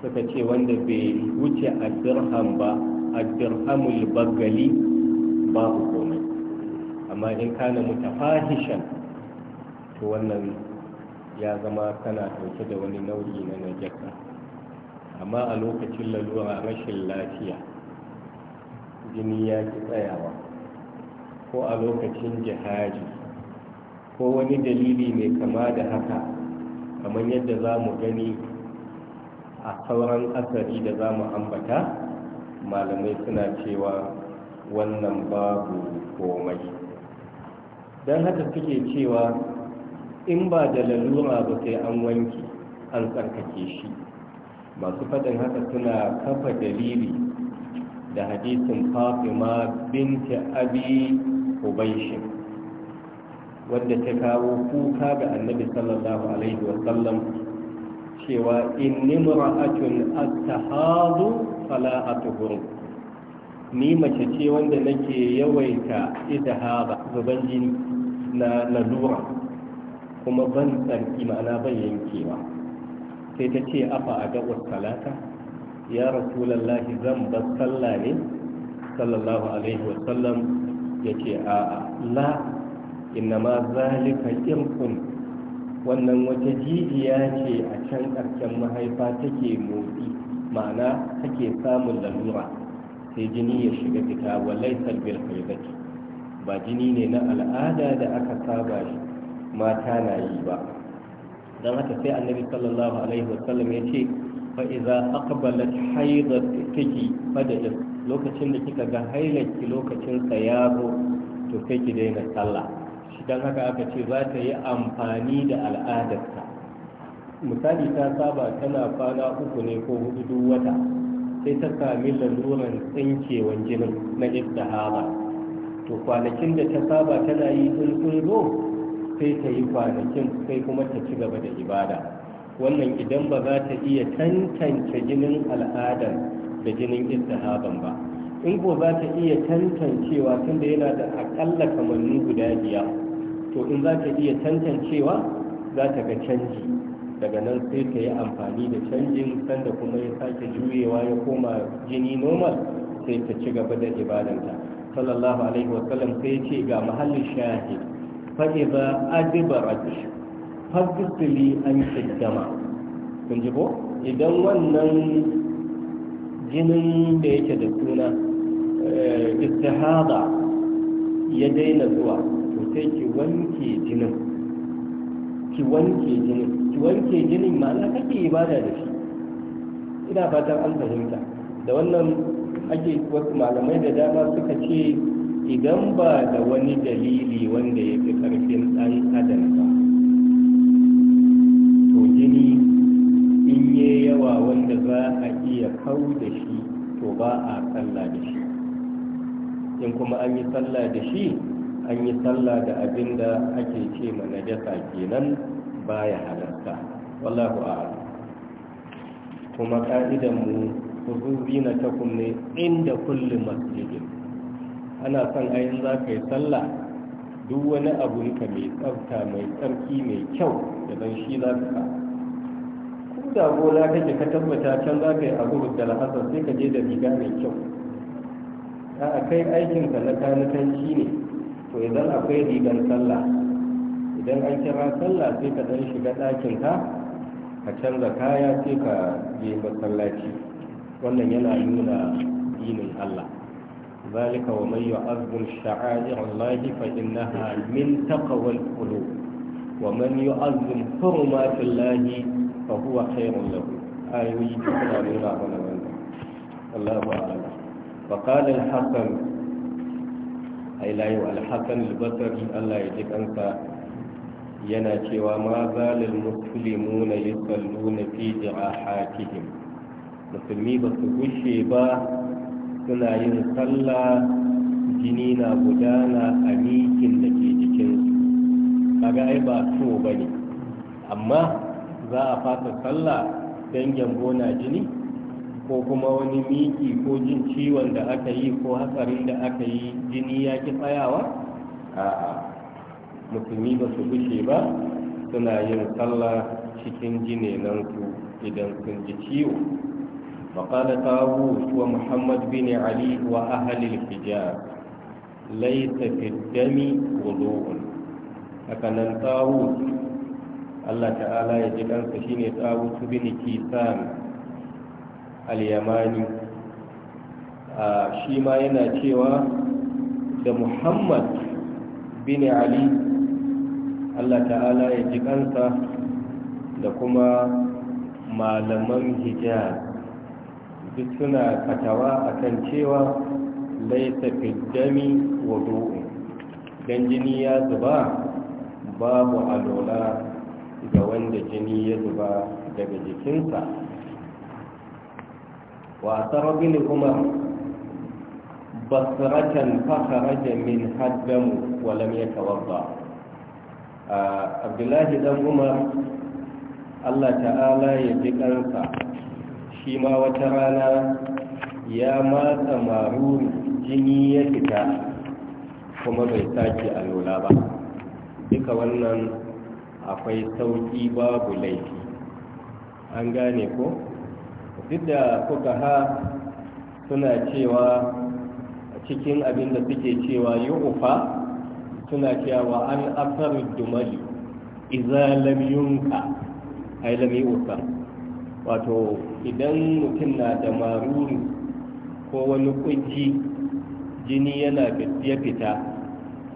suka ce wanda bai wuce a dirham ba a dirhamul bagali babu komai amma in kana mutafahishan to wannan ya zama kana ɗauke da wani nau'i na najasa amma a lokacin lalura rashin lafiya jini ya ki tsayawa ko a lokacin jihadi ko wani dalili ne kama da haka kamar yadda za mu gani a sauran asari da za mu ambata malamai suna cewa wannan babu komai don haka suke cewa in ba da lalura ba sai an wanke an tsarkake shi masu fadin haka suna kafa dalili da hadisin fatima binta abi ubaishin wadda ta kawo kuka ga annabi sallallahu alaihi wasallam cewa inni mura'atun astahadu fala atuhur ni mace ce wanda nake yawaita idhaba zuban jini na lalura kuma ban tsarki ma'ana ban yankewa sai ta ce afa a gabas talata ya rasulallahi zan ba sallah ne sallallahu alaihi wasallam ya ce a'a la innama zalika irkun wannan wata jijiya ce a can ƙarshen mahaifa take motsi ma'ana take samun lalura sai jini ya shiga fita wallai salbil ba jini ne na al'ada da aka saba shi mata na yi ba don haka sai annabi sallallahu alaihi wasallam ya ce fa iza aqbalat haidat tiki fadajat lokacin da kika ga hailarki lokacin sa ya zo to sai ki daina sallah don haka aka ce za ta yi amfani da al'adarta misali ta saba tana kwana uku ne ko hudu duk wata sai ta sami laluran tsinkewan jinin na istihara to kwanakin da ta saba tana yi sun sai ta yi kwanakin sai kuma ta ci gaba da ibada wannan idan ba za ta iya tantance jinin al'adar da jinin istihaban ba in ko za ta iya tantancewa tunda yana da akalla kamanni guda biya to in za ta iya tantancewa za ta ga canji daga nan sai ta yi amfani da canjin sanda kuma ya sake juyewa ya koma jini normal sai ta ci gaba da ibadanta sallallahu alaihi wasallam sai ce ga mahallin shahid fa'iza adibarat fagistili an kiddama kun ji ko idan wannan jinin da yake da suna istihada ya daina zuwa to sai ki wanke jinin ki wanke jinin ki wanke jinin ma'ana kake ibada da shi ina fatan an fahimta da wannan ake wasu malamai da dama suka ce idan ba da wani dalili wanda ya fi karfin ɗan adam ba to jini in yi yawa wanda za a iya kau da shi to ba a kalla da shi in kuma an yi sallah da shi an yi sallah da abin da ake ce ma najasa kenan baya halarta wallahu a'lam kuma ka'idan mu huzubi ta takum ne inda kulli masjidin ana son ayin za ka yi sallah duk wani abun ka mai tsafta mai tsarki mai kyau da zan shi za ka ko da gola kake ka tabbata can za ka yi abu da lahasa sai ka je da riga mai kyau ta akai aikinsa na kanitanci ne to idan akwai rigar sallah idan an kira sallah sai ka dan shiga ɗakinka ka canza kaya sai ka je masallaci wannan yana nuna dinin allah zalika wa mai yu'azzu sha'a'ir allahi fa innaha min taqwal qulub wa man yu'azzu hurumat allahi fa huwa khairun lahu ayoyi ta nuna wannan Allahu a'lam فقال الحسن أي لا الحسن البصري الله يجب أنت يناتي وما زال المسلمون يصلون في جراحاتهم musulmi ba su gushe ba suna yin sallah jini na gudana a mikin da ke jikinsu kaga ai ba so ba ne amma za a fasa sallah don gyambo na jini ko kuma wani miki ko jin ciwon da aka yi ko hatsarin da aka yi jini ya ki tsayawa a'a musulmi ba su gushe ba suna yin sallah cikin jine nan idan sun ji ciwo faƙada ta wa muhammad bin ali wa ahalil hijab laita fiddami wudu'un haka nan ta Allah ta'ala ya ji kansa shine ta wuce bin kisan al-yamani shi ma yana cewa da muhammad bin ali allah ta'ala ya ji kansa da kuma malaman hijab duk suna katawa akan cewa laita fiddami wa do'in don jini ya zuba babu alola ga wanda jini ya zuba daga jikinsa وأثر بن umar بصرة فخرج min هدم ولم يتوضأ عبد Abdullahi Dan Umar, Allah ta'ala ya ji ƙansa shi ma wata rana ya matsa maruru jini ya fita kuma bai sake alola ba duka wannan akwai sauƙi babu laifi an gane ko? duk da kuka ha suna cewa cikin abin da suke cewa yi ufa suna cewa an asar dumali iza yunka ai lam wato idan mutum na da maruri ko wani kunji jini yana ya fita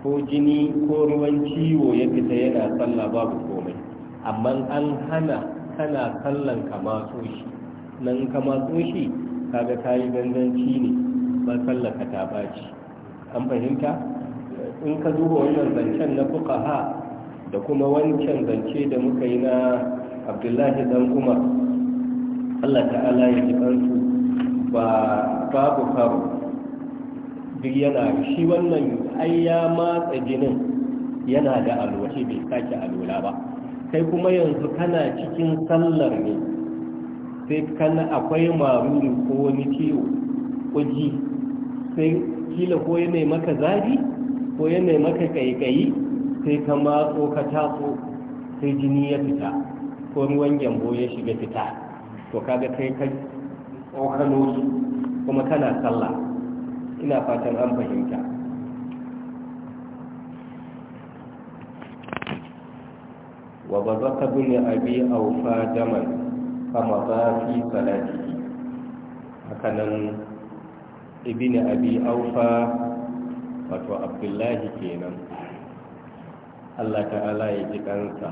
ko jini ko ruwan ciwo ya fita yana sallah babu komai amma an hana kana sallan kama so shi nan ka matso shi kaga ka yi ganganci ne ba ka ta baci an fahimta in ka duba wannan zancen na fuqaha da kuma wancan zance da muka yi na abdullahi dan umar allah ta'ala ya ji kansu ba babu karo duk yana shi wannan ai ya matsa jinin yana da alwashi bai sake alwala ba kai kuma yanzu kana cikin sallar ne sai kana akwai maruri ko wani ciwo kuji sai kila ko yana maka zafi ko yana maka kaikayi sai ka matso ka taso sai jini ya fita ko ruwan gyambo ya shiga fita to kaga kai ka tsokano su kuma kana sallah ina fatan an fahimta wa ba zaka bin abi aufa daman hamata fi salati hakanan ibn abi aufa wato abdullahi kenan Allah ta'ala ya ji kansa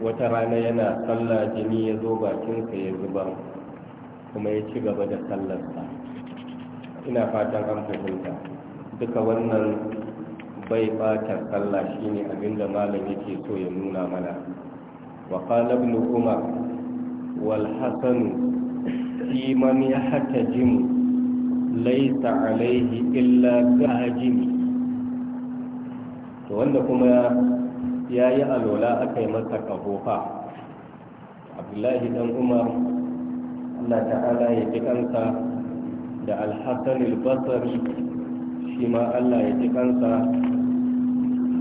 wata rana yana sallah jini ya zo bakinsa ya zuba, kuma ya ci gaba da sallarsa ina fatan an fahimta duka wannan bai bata sallah shine abinda malam yake so ya nuna mana wa qala ibn umar والحسن في من يحتجم ليس عليه إلا كهجم wanda kuma ya yi alola aka yi masa kafofa abdullahi dan umar allah ta'ala ya ji kansa da alhassan albasari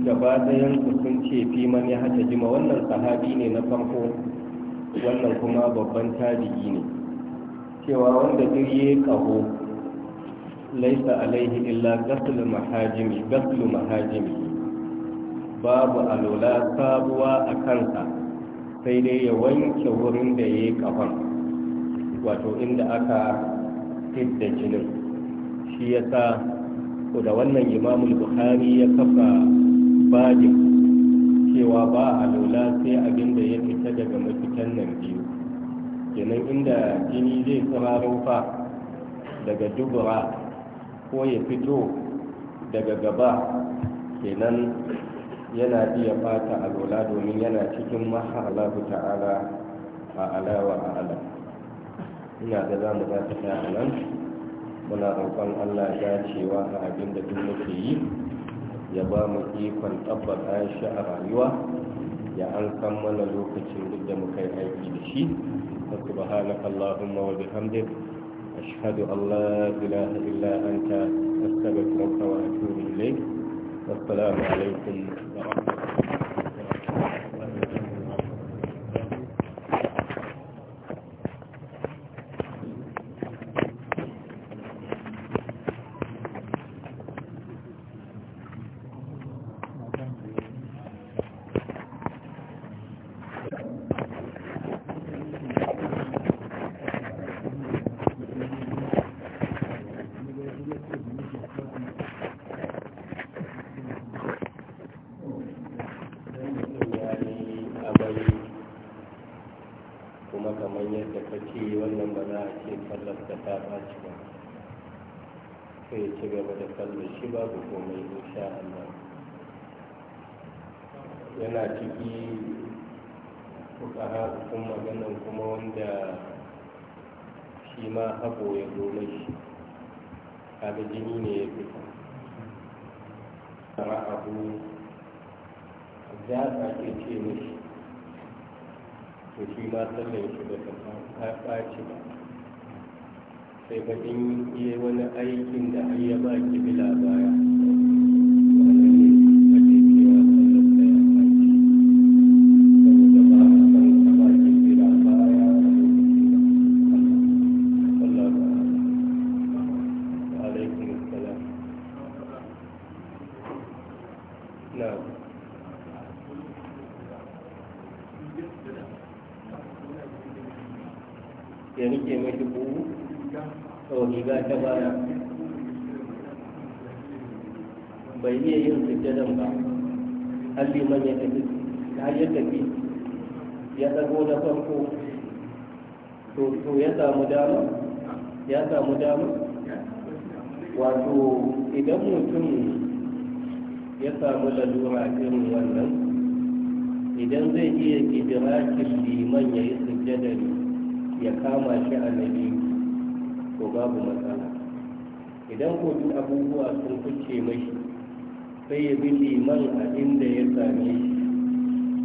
gaba ɗayan sun ce fi man ya hata jima wannan sahabi ne na farko wannan kuma babban tabi'i ne cewa wanda duk ya kaho laisa alaihi illa gaslu mahajimi gaslu mahajimi babu alola sabuwa a kansa sai dai ya wanke wurin da ya yi kafan wato inda aka fidda jinin shi ya sa da wannan imamul buhari ya kafa bajin cewa ba a lula sai abin da ya fita daga mafitan nan biyu kenan inda jini zai tsararo fa daga dubura ko ya fito daga gaba kenan yana iya fata a lula domin yana cikin mahalabu ta'ala a alawa a ala ina da za mu za ta muna roƙon allah ya cewa a abin da duk muke yi ya ba mu ikon tabbata shi a rayuwa ya an kammala lokacin duk da muka yi aiki da shi subhanaka allahumma wa bihamdik ashhadu an la ilaha illa anta astaghfiruka wa atubu ilayk alaikum wa rahmatullahi ciki babu komai insha Allah yana ciki fukaha hukun maganan kuma wanda shi ma haɓo ya dole shi kaga jini ne ya fita kama abu za a ke ce mishi to shi ma sallan shi da ta ɓaci ba sai baɗin yi wani aikin da har ya ba ki bila baya har liman ya tafi ta ya tafi ya dago na farko to ya samu dama ya samu dama wato idan mutum ya samu lalura irin wannan idan zai iya idirakin liman ya yi sujjadar ya kama shi a nabi ko babu matsala idan ko duk abubuwa sun kuce mashi sai ya bi liman a inda ya same shi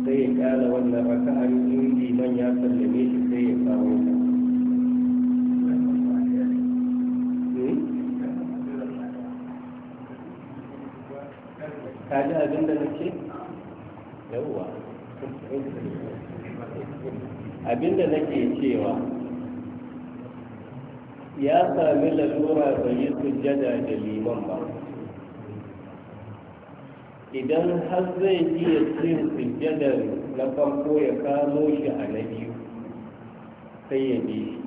sai ya kala wannan raka'ar in liman ya sallame shi sai ya kawo ta hmm? kaji abin da nake yawwa abin da nake cewa ya sami lalura bai yi sujjada da liman ba idan har zai iya cin sujjadar na farko ya kamo shi a na biyu sai ya bi shi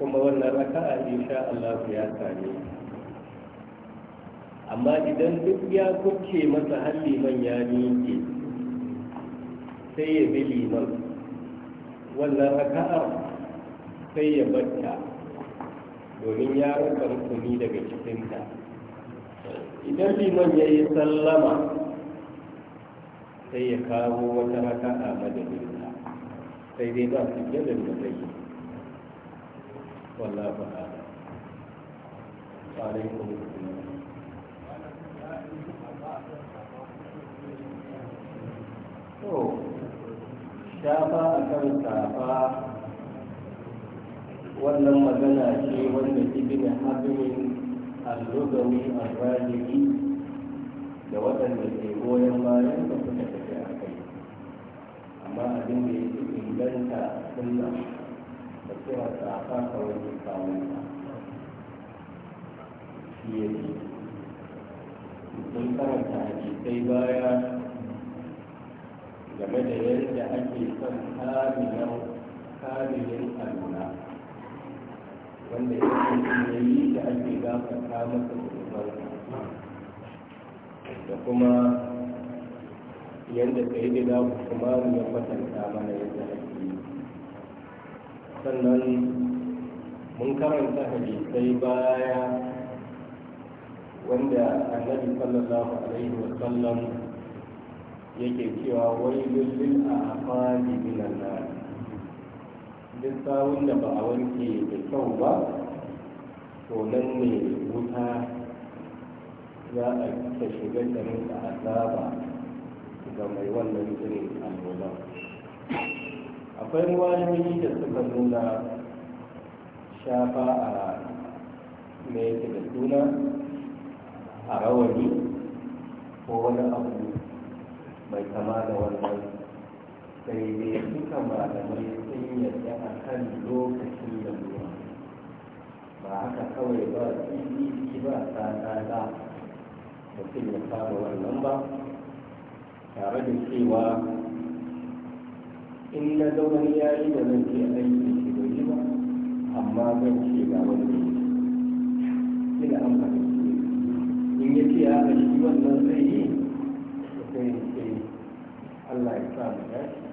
kuma wannan a insha Allah ya same amma idan duk ya kuke masa har liman ya miƙe sai ya bi liman wannan a, sai ya batta domin ya rukar rukuni daga cikinta idan liman ya yi sallama sai ya kawo wata haka a madadinta sai dai ba su ke da mutai wallah ba a da shafa a kan safa wannan magana ce wanda ibn hazmin اللغوي الراجعي da waɗanda ke goyon bayan da suka tafi a kai amma abin da ya fi inganta sunna da kira tsafa kawai ne kawai ta shi ya ce sun karanta a sai baya game da yadda ake son kamilin al'ula wanda ya yi da ake gafarta masa zunubansa da kuma yadda ka yi za ku kuma ya kwatanta mana yadda ake yi sannan mun karanta hadisai baya wanda annabi sallallahu alaihi wasallam yake cewa wailul a a'qabi minan nar duk sawun da ba a wanke da kyau ba to nan ne wuta za a ta shiga da azaba ga mai wannan irin alwala akwai ruwayoyi da suka nuna shafa a mai yake da suna a rawani ko wani abu mai kama da wannan sai ne suka malamai sun yadda a kan lokacin da ruwa ba haka kawai ba tsibiri ba tsada mutum ya saba wannan ba tare da cewa in na zaune ya da zan ce aiki shi da yi ba amma zan ce ga wani shi da an fahimci in ya ce haka shi wannan zai yi sai ce Allah ya sa mu dace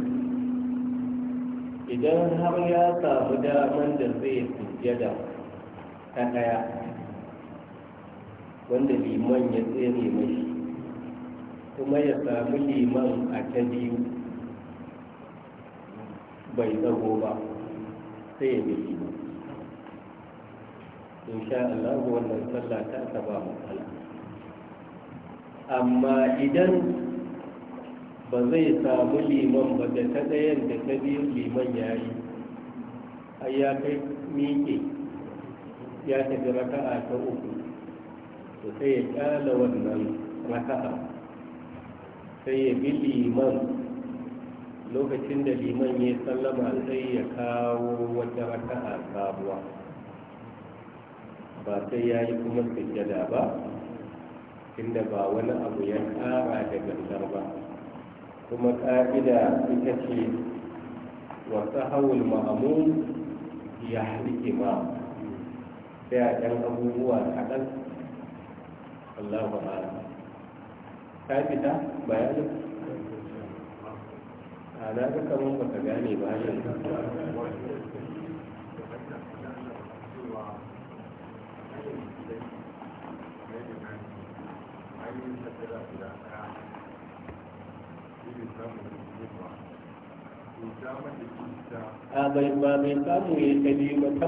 idan har ya samu daman da zai da ta ɗaya wanda liman ya tsere mai kuma ya samu liman a ta biyu bai tsago ba sai ya bi shi ba insha Allah wannan sallah ta saba matsala amma idan ba zai samu liman ba da ta ɗayan da ta biyu liman ya yi a ya kai miƙe ya tafi raka'a ta uku to sai ya ƙyala wannan raka'a sai ya bi liman lokacin da liman ya sallama sai ya kawo wata raka'a sabuwa ba sai ya yi kuma sujjada ba inda ba wani abu ya ƙara da gangar ba kuma ƙa'ida ita ce wa sahawul ma'amun ya halike ma sai a ɗan abubuwa kaɗan Allah ba a ta fita bayanin a na ga kamar ba ka gane ba yanzu Thank you. a bai ba bai samu ya ta ba ta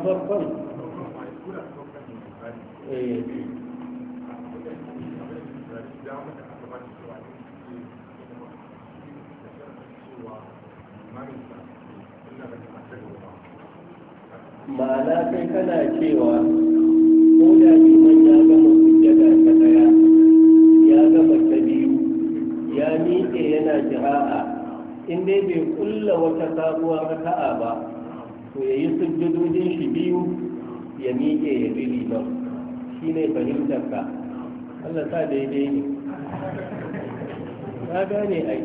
babban ma'ana kai kana cewa in dai bai kulla wata sabuwar raka'a ba to ya yi sujjudojin shi biyu ya miƙe ya bi ba, shi ne fahimtar ka Allah sa daidai ne ka gane ai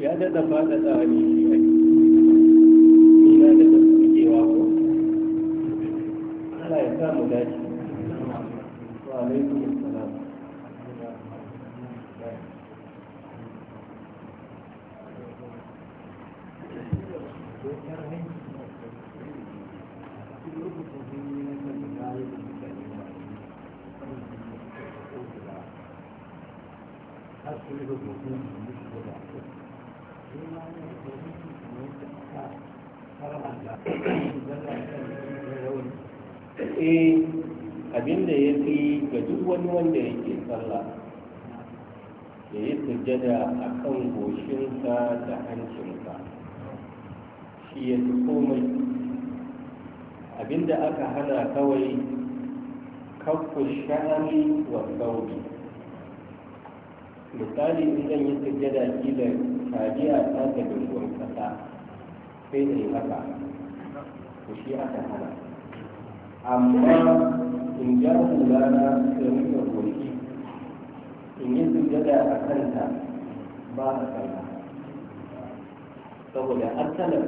ya daɗa faɗa ne shi ai ni na daɗa sukewa ko Allah ya sa mu dace wa alaikum eh abinda ya fi ga duk wani wanda yake sallah ya yi sujjada a kan goshinsa da hancinsa shi ya fi komai abinda aka hana kawai kafin sha'ani wa saurin misali in zan yi sujjada da kajiya ta ta dogon kasa sai da haka to shi aka hana amma in ja hulana da muka in yi sujjada a kanta ba a kanta saboda asalin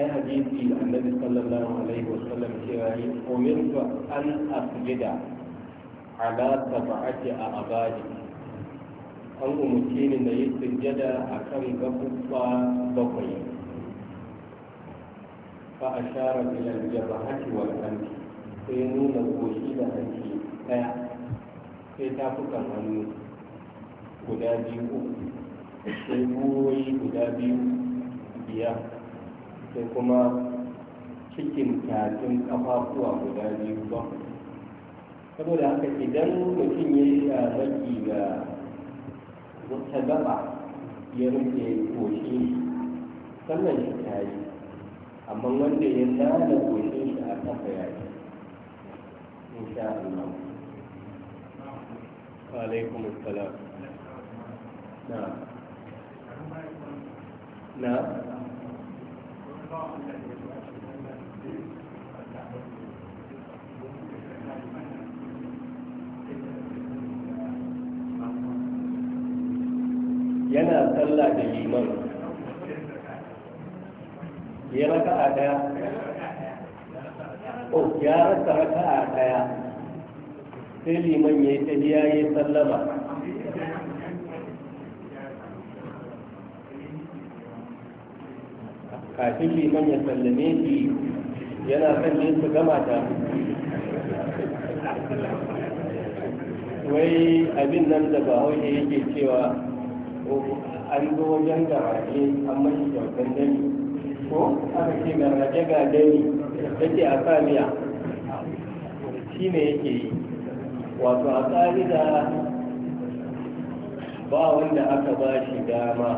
ai hadisi annabi sallallahu alaihi wasallam cewa yi umirtu an asjida ala sab'ati a abadi an umarci ni da yi sujjada a kan gaɓuɓɓa bakwai fa a share bilan jaba haki wa hanci sai nuna goshi da hanci ɗaya sai tafukan hannu guda biyu uku sai buroyi guda biyu biya sai kuma cikin tafin ƙafafuwa guda biyu ba saboda haka idan mutum ya yi shamaki ga wata gaba ya rike koshi sannan shi ta yi amma wanda ya nana koshin shi a kafa ya yi in sha Allah wa alaikum assalam na na sallah da liman ya raka a daya oh ya rasa raka a daya sai liman ya yi biya ya yi sallama kafin liman ya sallame shi yana son yin su gama ta wai abin nan da Bahaushe yake cewa oh, an zo wajen garaje an mashi kyautar dani ko aka ce garaje ga dani da ke a samiya shi ne yake yi wato a da ba wanda aka ba shi dama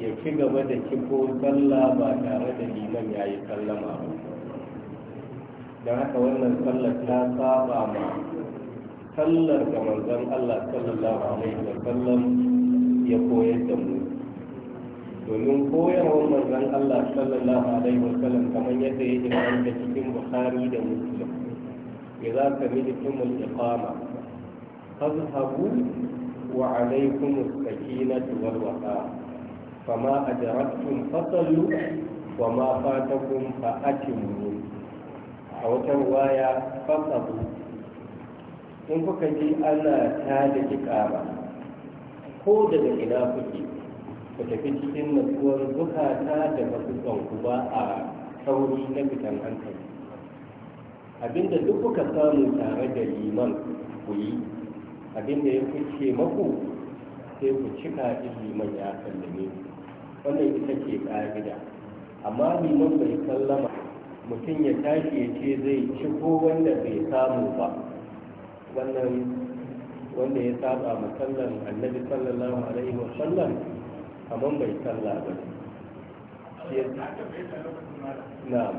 ya ci gaba da kiko sallah ba tare da liman ya yi sallama ba don haka wannan sallar ta saba ma sallar ga manzon Allah sallallahu alaihi wa sallam ya koyar da mu domin koyarwar manzon Allah sallallahu alaihi wasallam kamar yadda ya da cikin Bukhari da Muslim idza sami'tum al-iqama fazhabu wa alaikum as-sakinatu wal waqa fama ajrattum fasallu wa ma fatakum fa atimmu a wata riwaya fasabu in kuka ji ana ta da iqama ko daga ina kuke ku tafi cikin natsuwar zukata da ku ba a sauri na fitan hankali abinda duk kuka samu tare da liman ku yi abinda ya kuke maku sai ku cika liman ya sallame wannan ita ce ƙa'ida amma liman bai sallama mutum ya tashi ya ce zai ci ko wanda bai samu ba wannan wanda ya saba ma sallan annabi sallallahu alaihi wa sallam kaman bai sallah ba ne na'am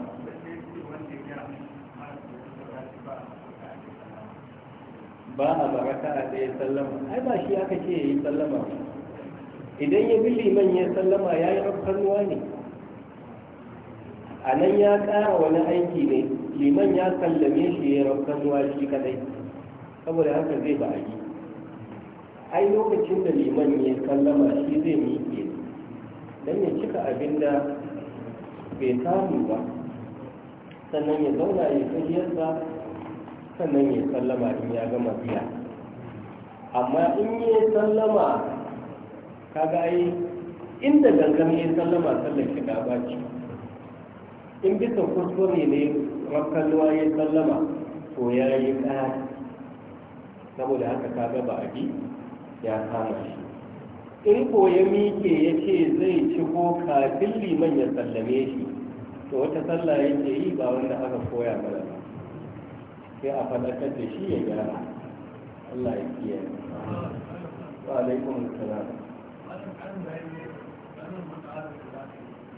ba a baraka a ɗaya sallama ai ba shi aka ce ya yi sallama idan ya bi liman ya sallama ya yi rafkanuwa ne a nan ya ƙara wani aiki ne liman ya sallame shi ya rafkanuwa shi kadai saboda haka zai ba a yi ai lokacin da liman ya sallama shi zai miƙe don ya cika abin da bai samu ba sannan ya zauna ya kajiyarsa sannan ya sallama in ya gama biya amma in ya sallama kaga ai inda gangan ya sallama sallar shiga ba ce in bisa kuskure ne rakalluwa ya sallama to ya yi ɗaya saboda haka ka gaba a bi ya kama shi in ko ya miƙe ya ce zai ci ko kafin liman ya sallame shi to wata sallah yake yi ba wanda aka koya mana ba sai a faɗakar da shi ya gyara Allah ya kiyaye wa alaikum salam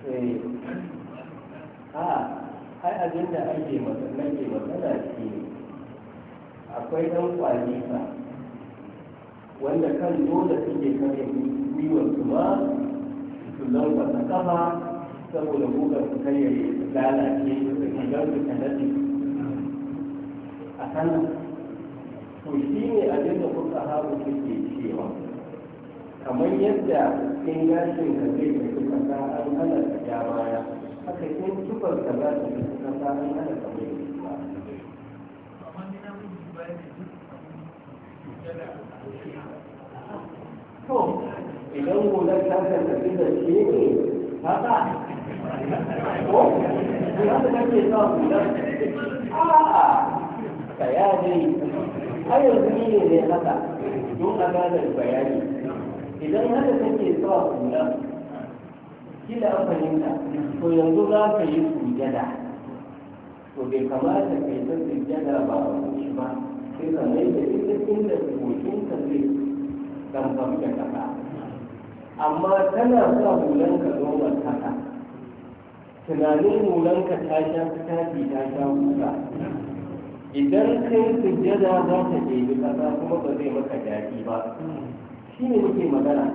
eh. a ah, ai abin da ake magana ke matsala shi akwai ɗan kwalifa wanda kan dole suke kare gwiwar su ba su lambata kafa saboda buga su kai lalace da shigar su ta a kan to shi ne abin da kuka haru suke cewa kamar yadda in gashin ka zai ka fi kasa an hana ta ja baya haka in tufar ka za ta fi kasa an hana ka mai to idan gonar ta tafi da shi ne haka ko kuma da kake sa gonar a'a bayani har yanzu ne ne haka don a gane bayani idan haka kake sa gonar kila an fahimta to yanzu za ka yi sujada to bai kamata kai ta sujada ba a ba sai ka mai da ita zai damfami da kasa amma tana sa hulanka zoma kasa tunanin hulanka ta sha fitafi ta sha huta idan kai sujjada za ta ɗebi kasa kuma ba zai maka daɗi ba shi ne muke magana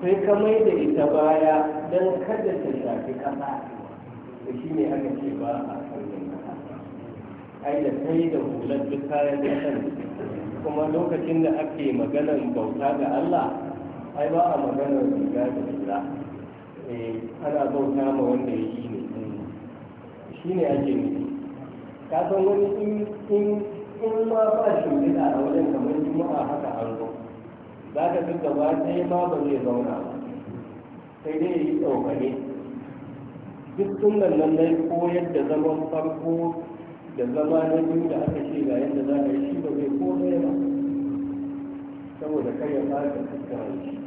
sai ka mai da ita baya don kada ta shafi kasa da shi ne aka ce ba a Aida da da hular duk kayan sani kuma lokacin da ake maganar bauta ga Allah ai ba a maganar riga da riga eh, ana bauta ma wanda ya yi ne shi ne ake nufi ka san wani in in in ma ba shi shimfiɗa a wajen kamar juma'a haka an zo za ka duk gaba sai ma ba zai zauna ba sai dai ya yi tsokane duk sunan nan dai koyar da zaman farko da zama na biyu da aka ce ga yadda za ka yi shi ba zai komai ba saboda kai ya fara fuskar shi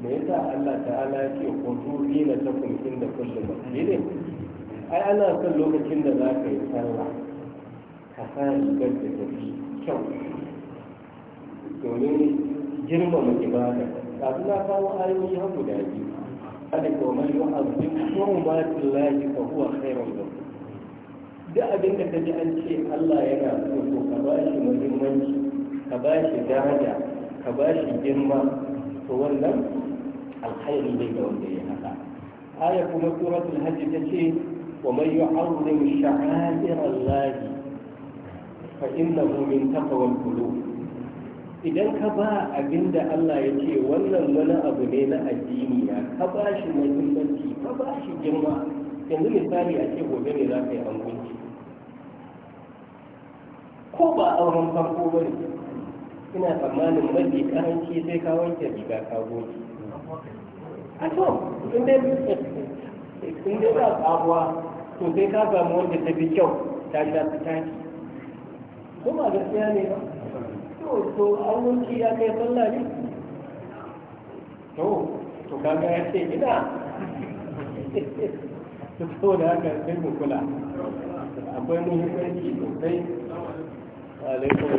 me yasa Allah ta'ala ya ce ko turi na ta kunkin da kullum ba ne ai ana son lokacin da za ka yi sallah ka sa rigar da ta fi kyau domin girmama ibada kafin na kawo ayoyi har guda biyu kada ko mai yu'azzim hurmatillahi fa huwa khairun duk abin da ka ji an ce Allah yana so to ka ba shi muhimmanci ka ba shi daraja ka ba shi girma to wannan alkhairi ne ga wanda ya haka aya kuma suratul hajj ta ce wa man yu'azzim sha'air Allah fa innahu min taqwal qulub idan ka ba abin Allah ya ce wannan wani abu ne na addini ya ka ba shi muhimmanci ka ba shi girma yanzu misali a ce gobe ne za ka yi anguwa ko ba auren farko ba ne ina tsammanin mafi karanci sai ka wanke riga ka goge a to in dai in dai ba tsabuwa to sai ka samu wanda ta fi kyau ta sha ta taki ko ba gaskiya ne ba to to aurenci ya kai sallah ne to to ga ya ce ina to da haka sai mu kula akwai muhimmanci sosai alaikum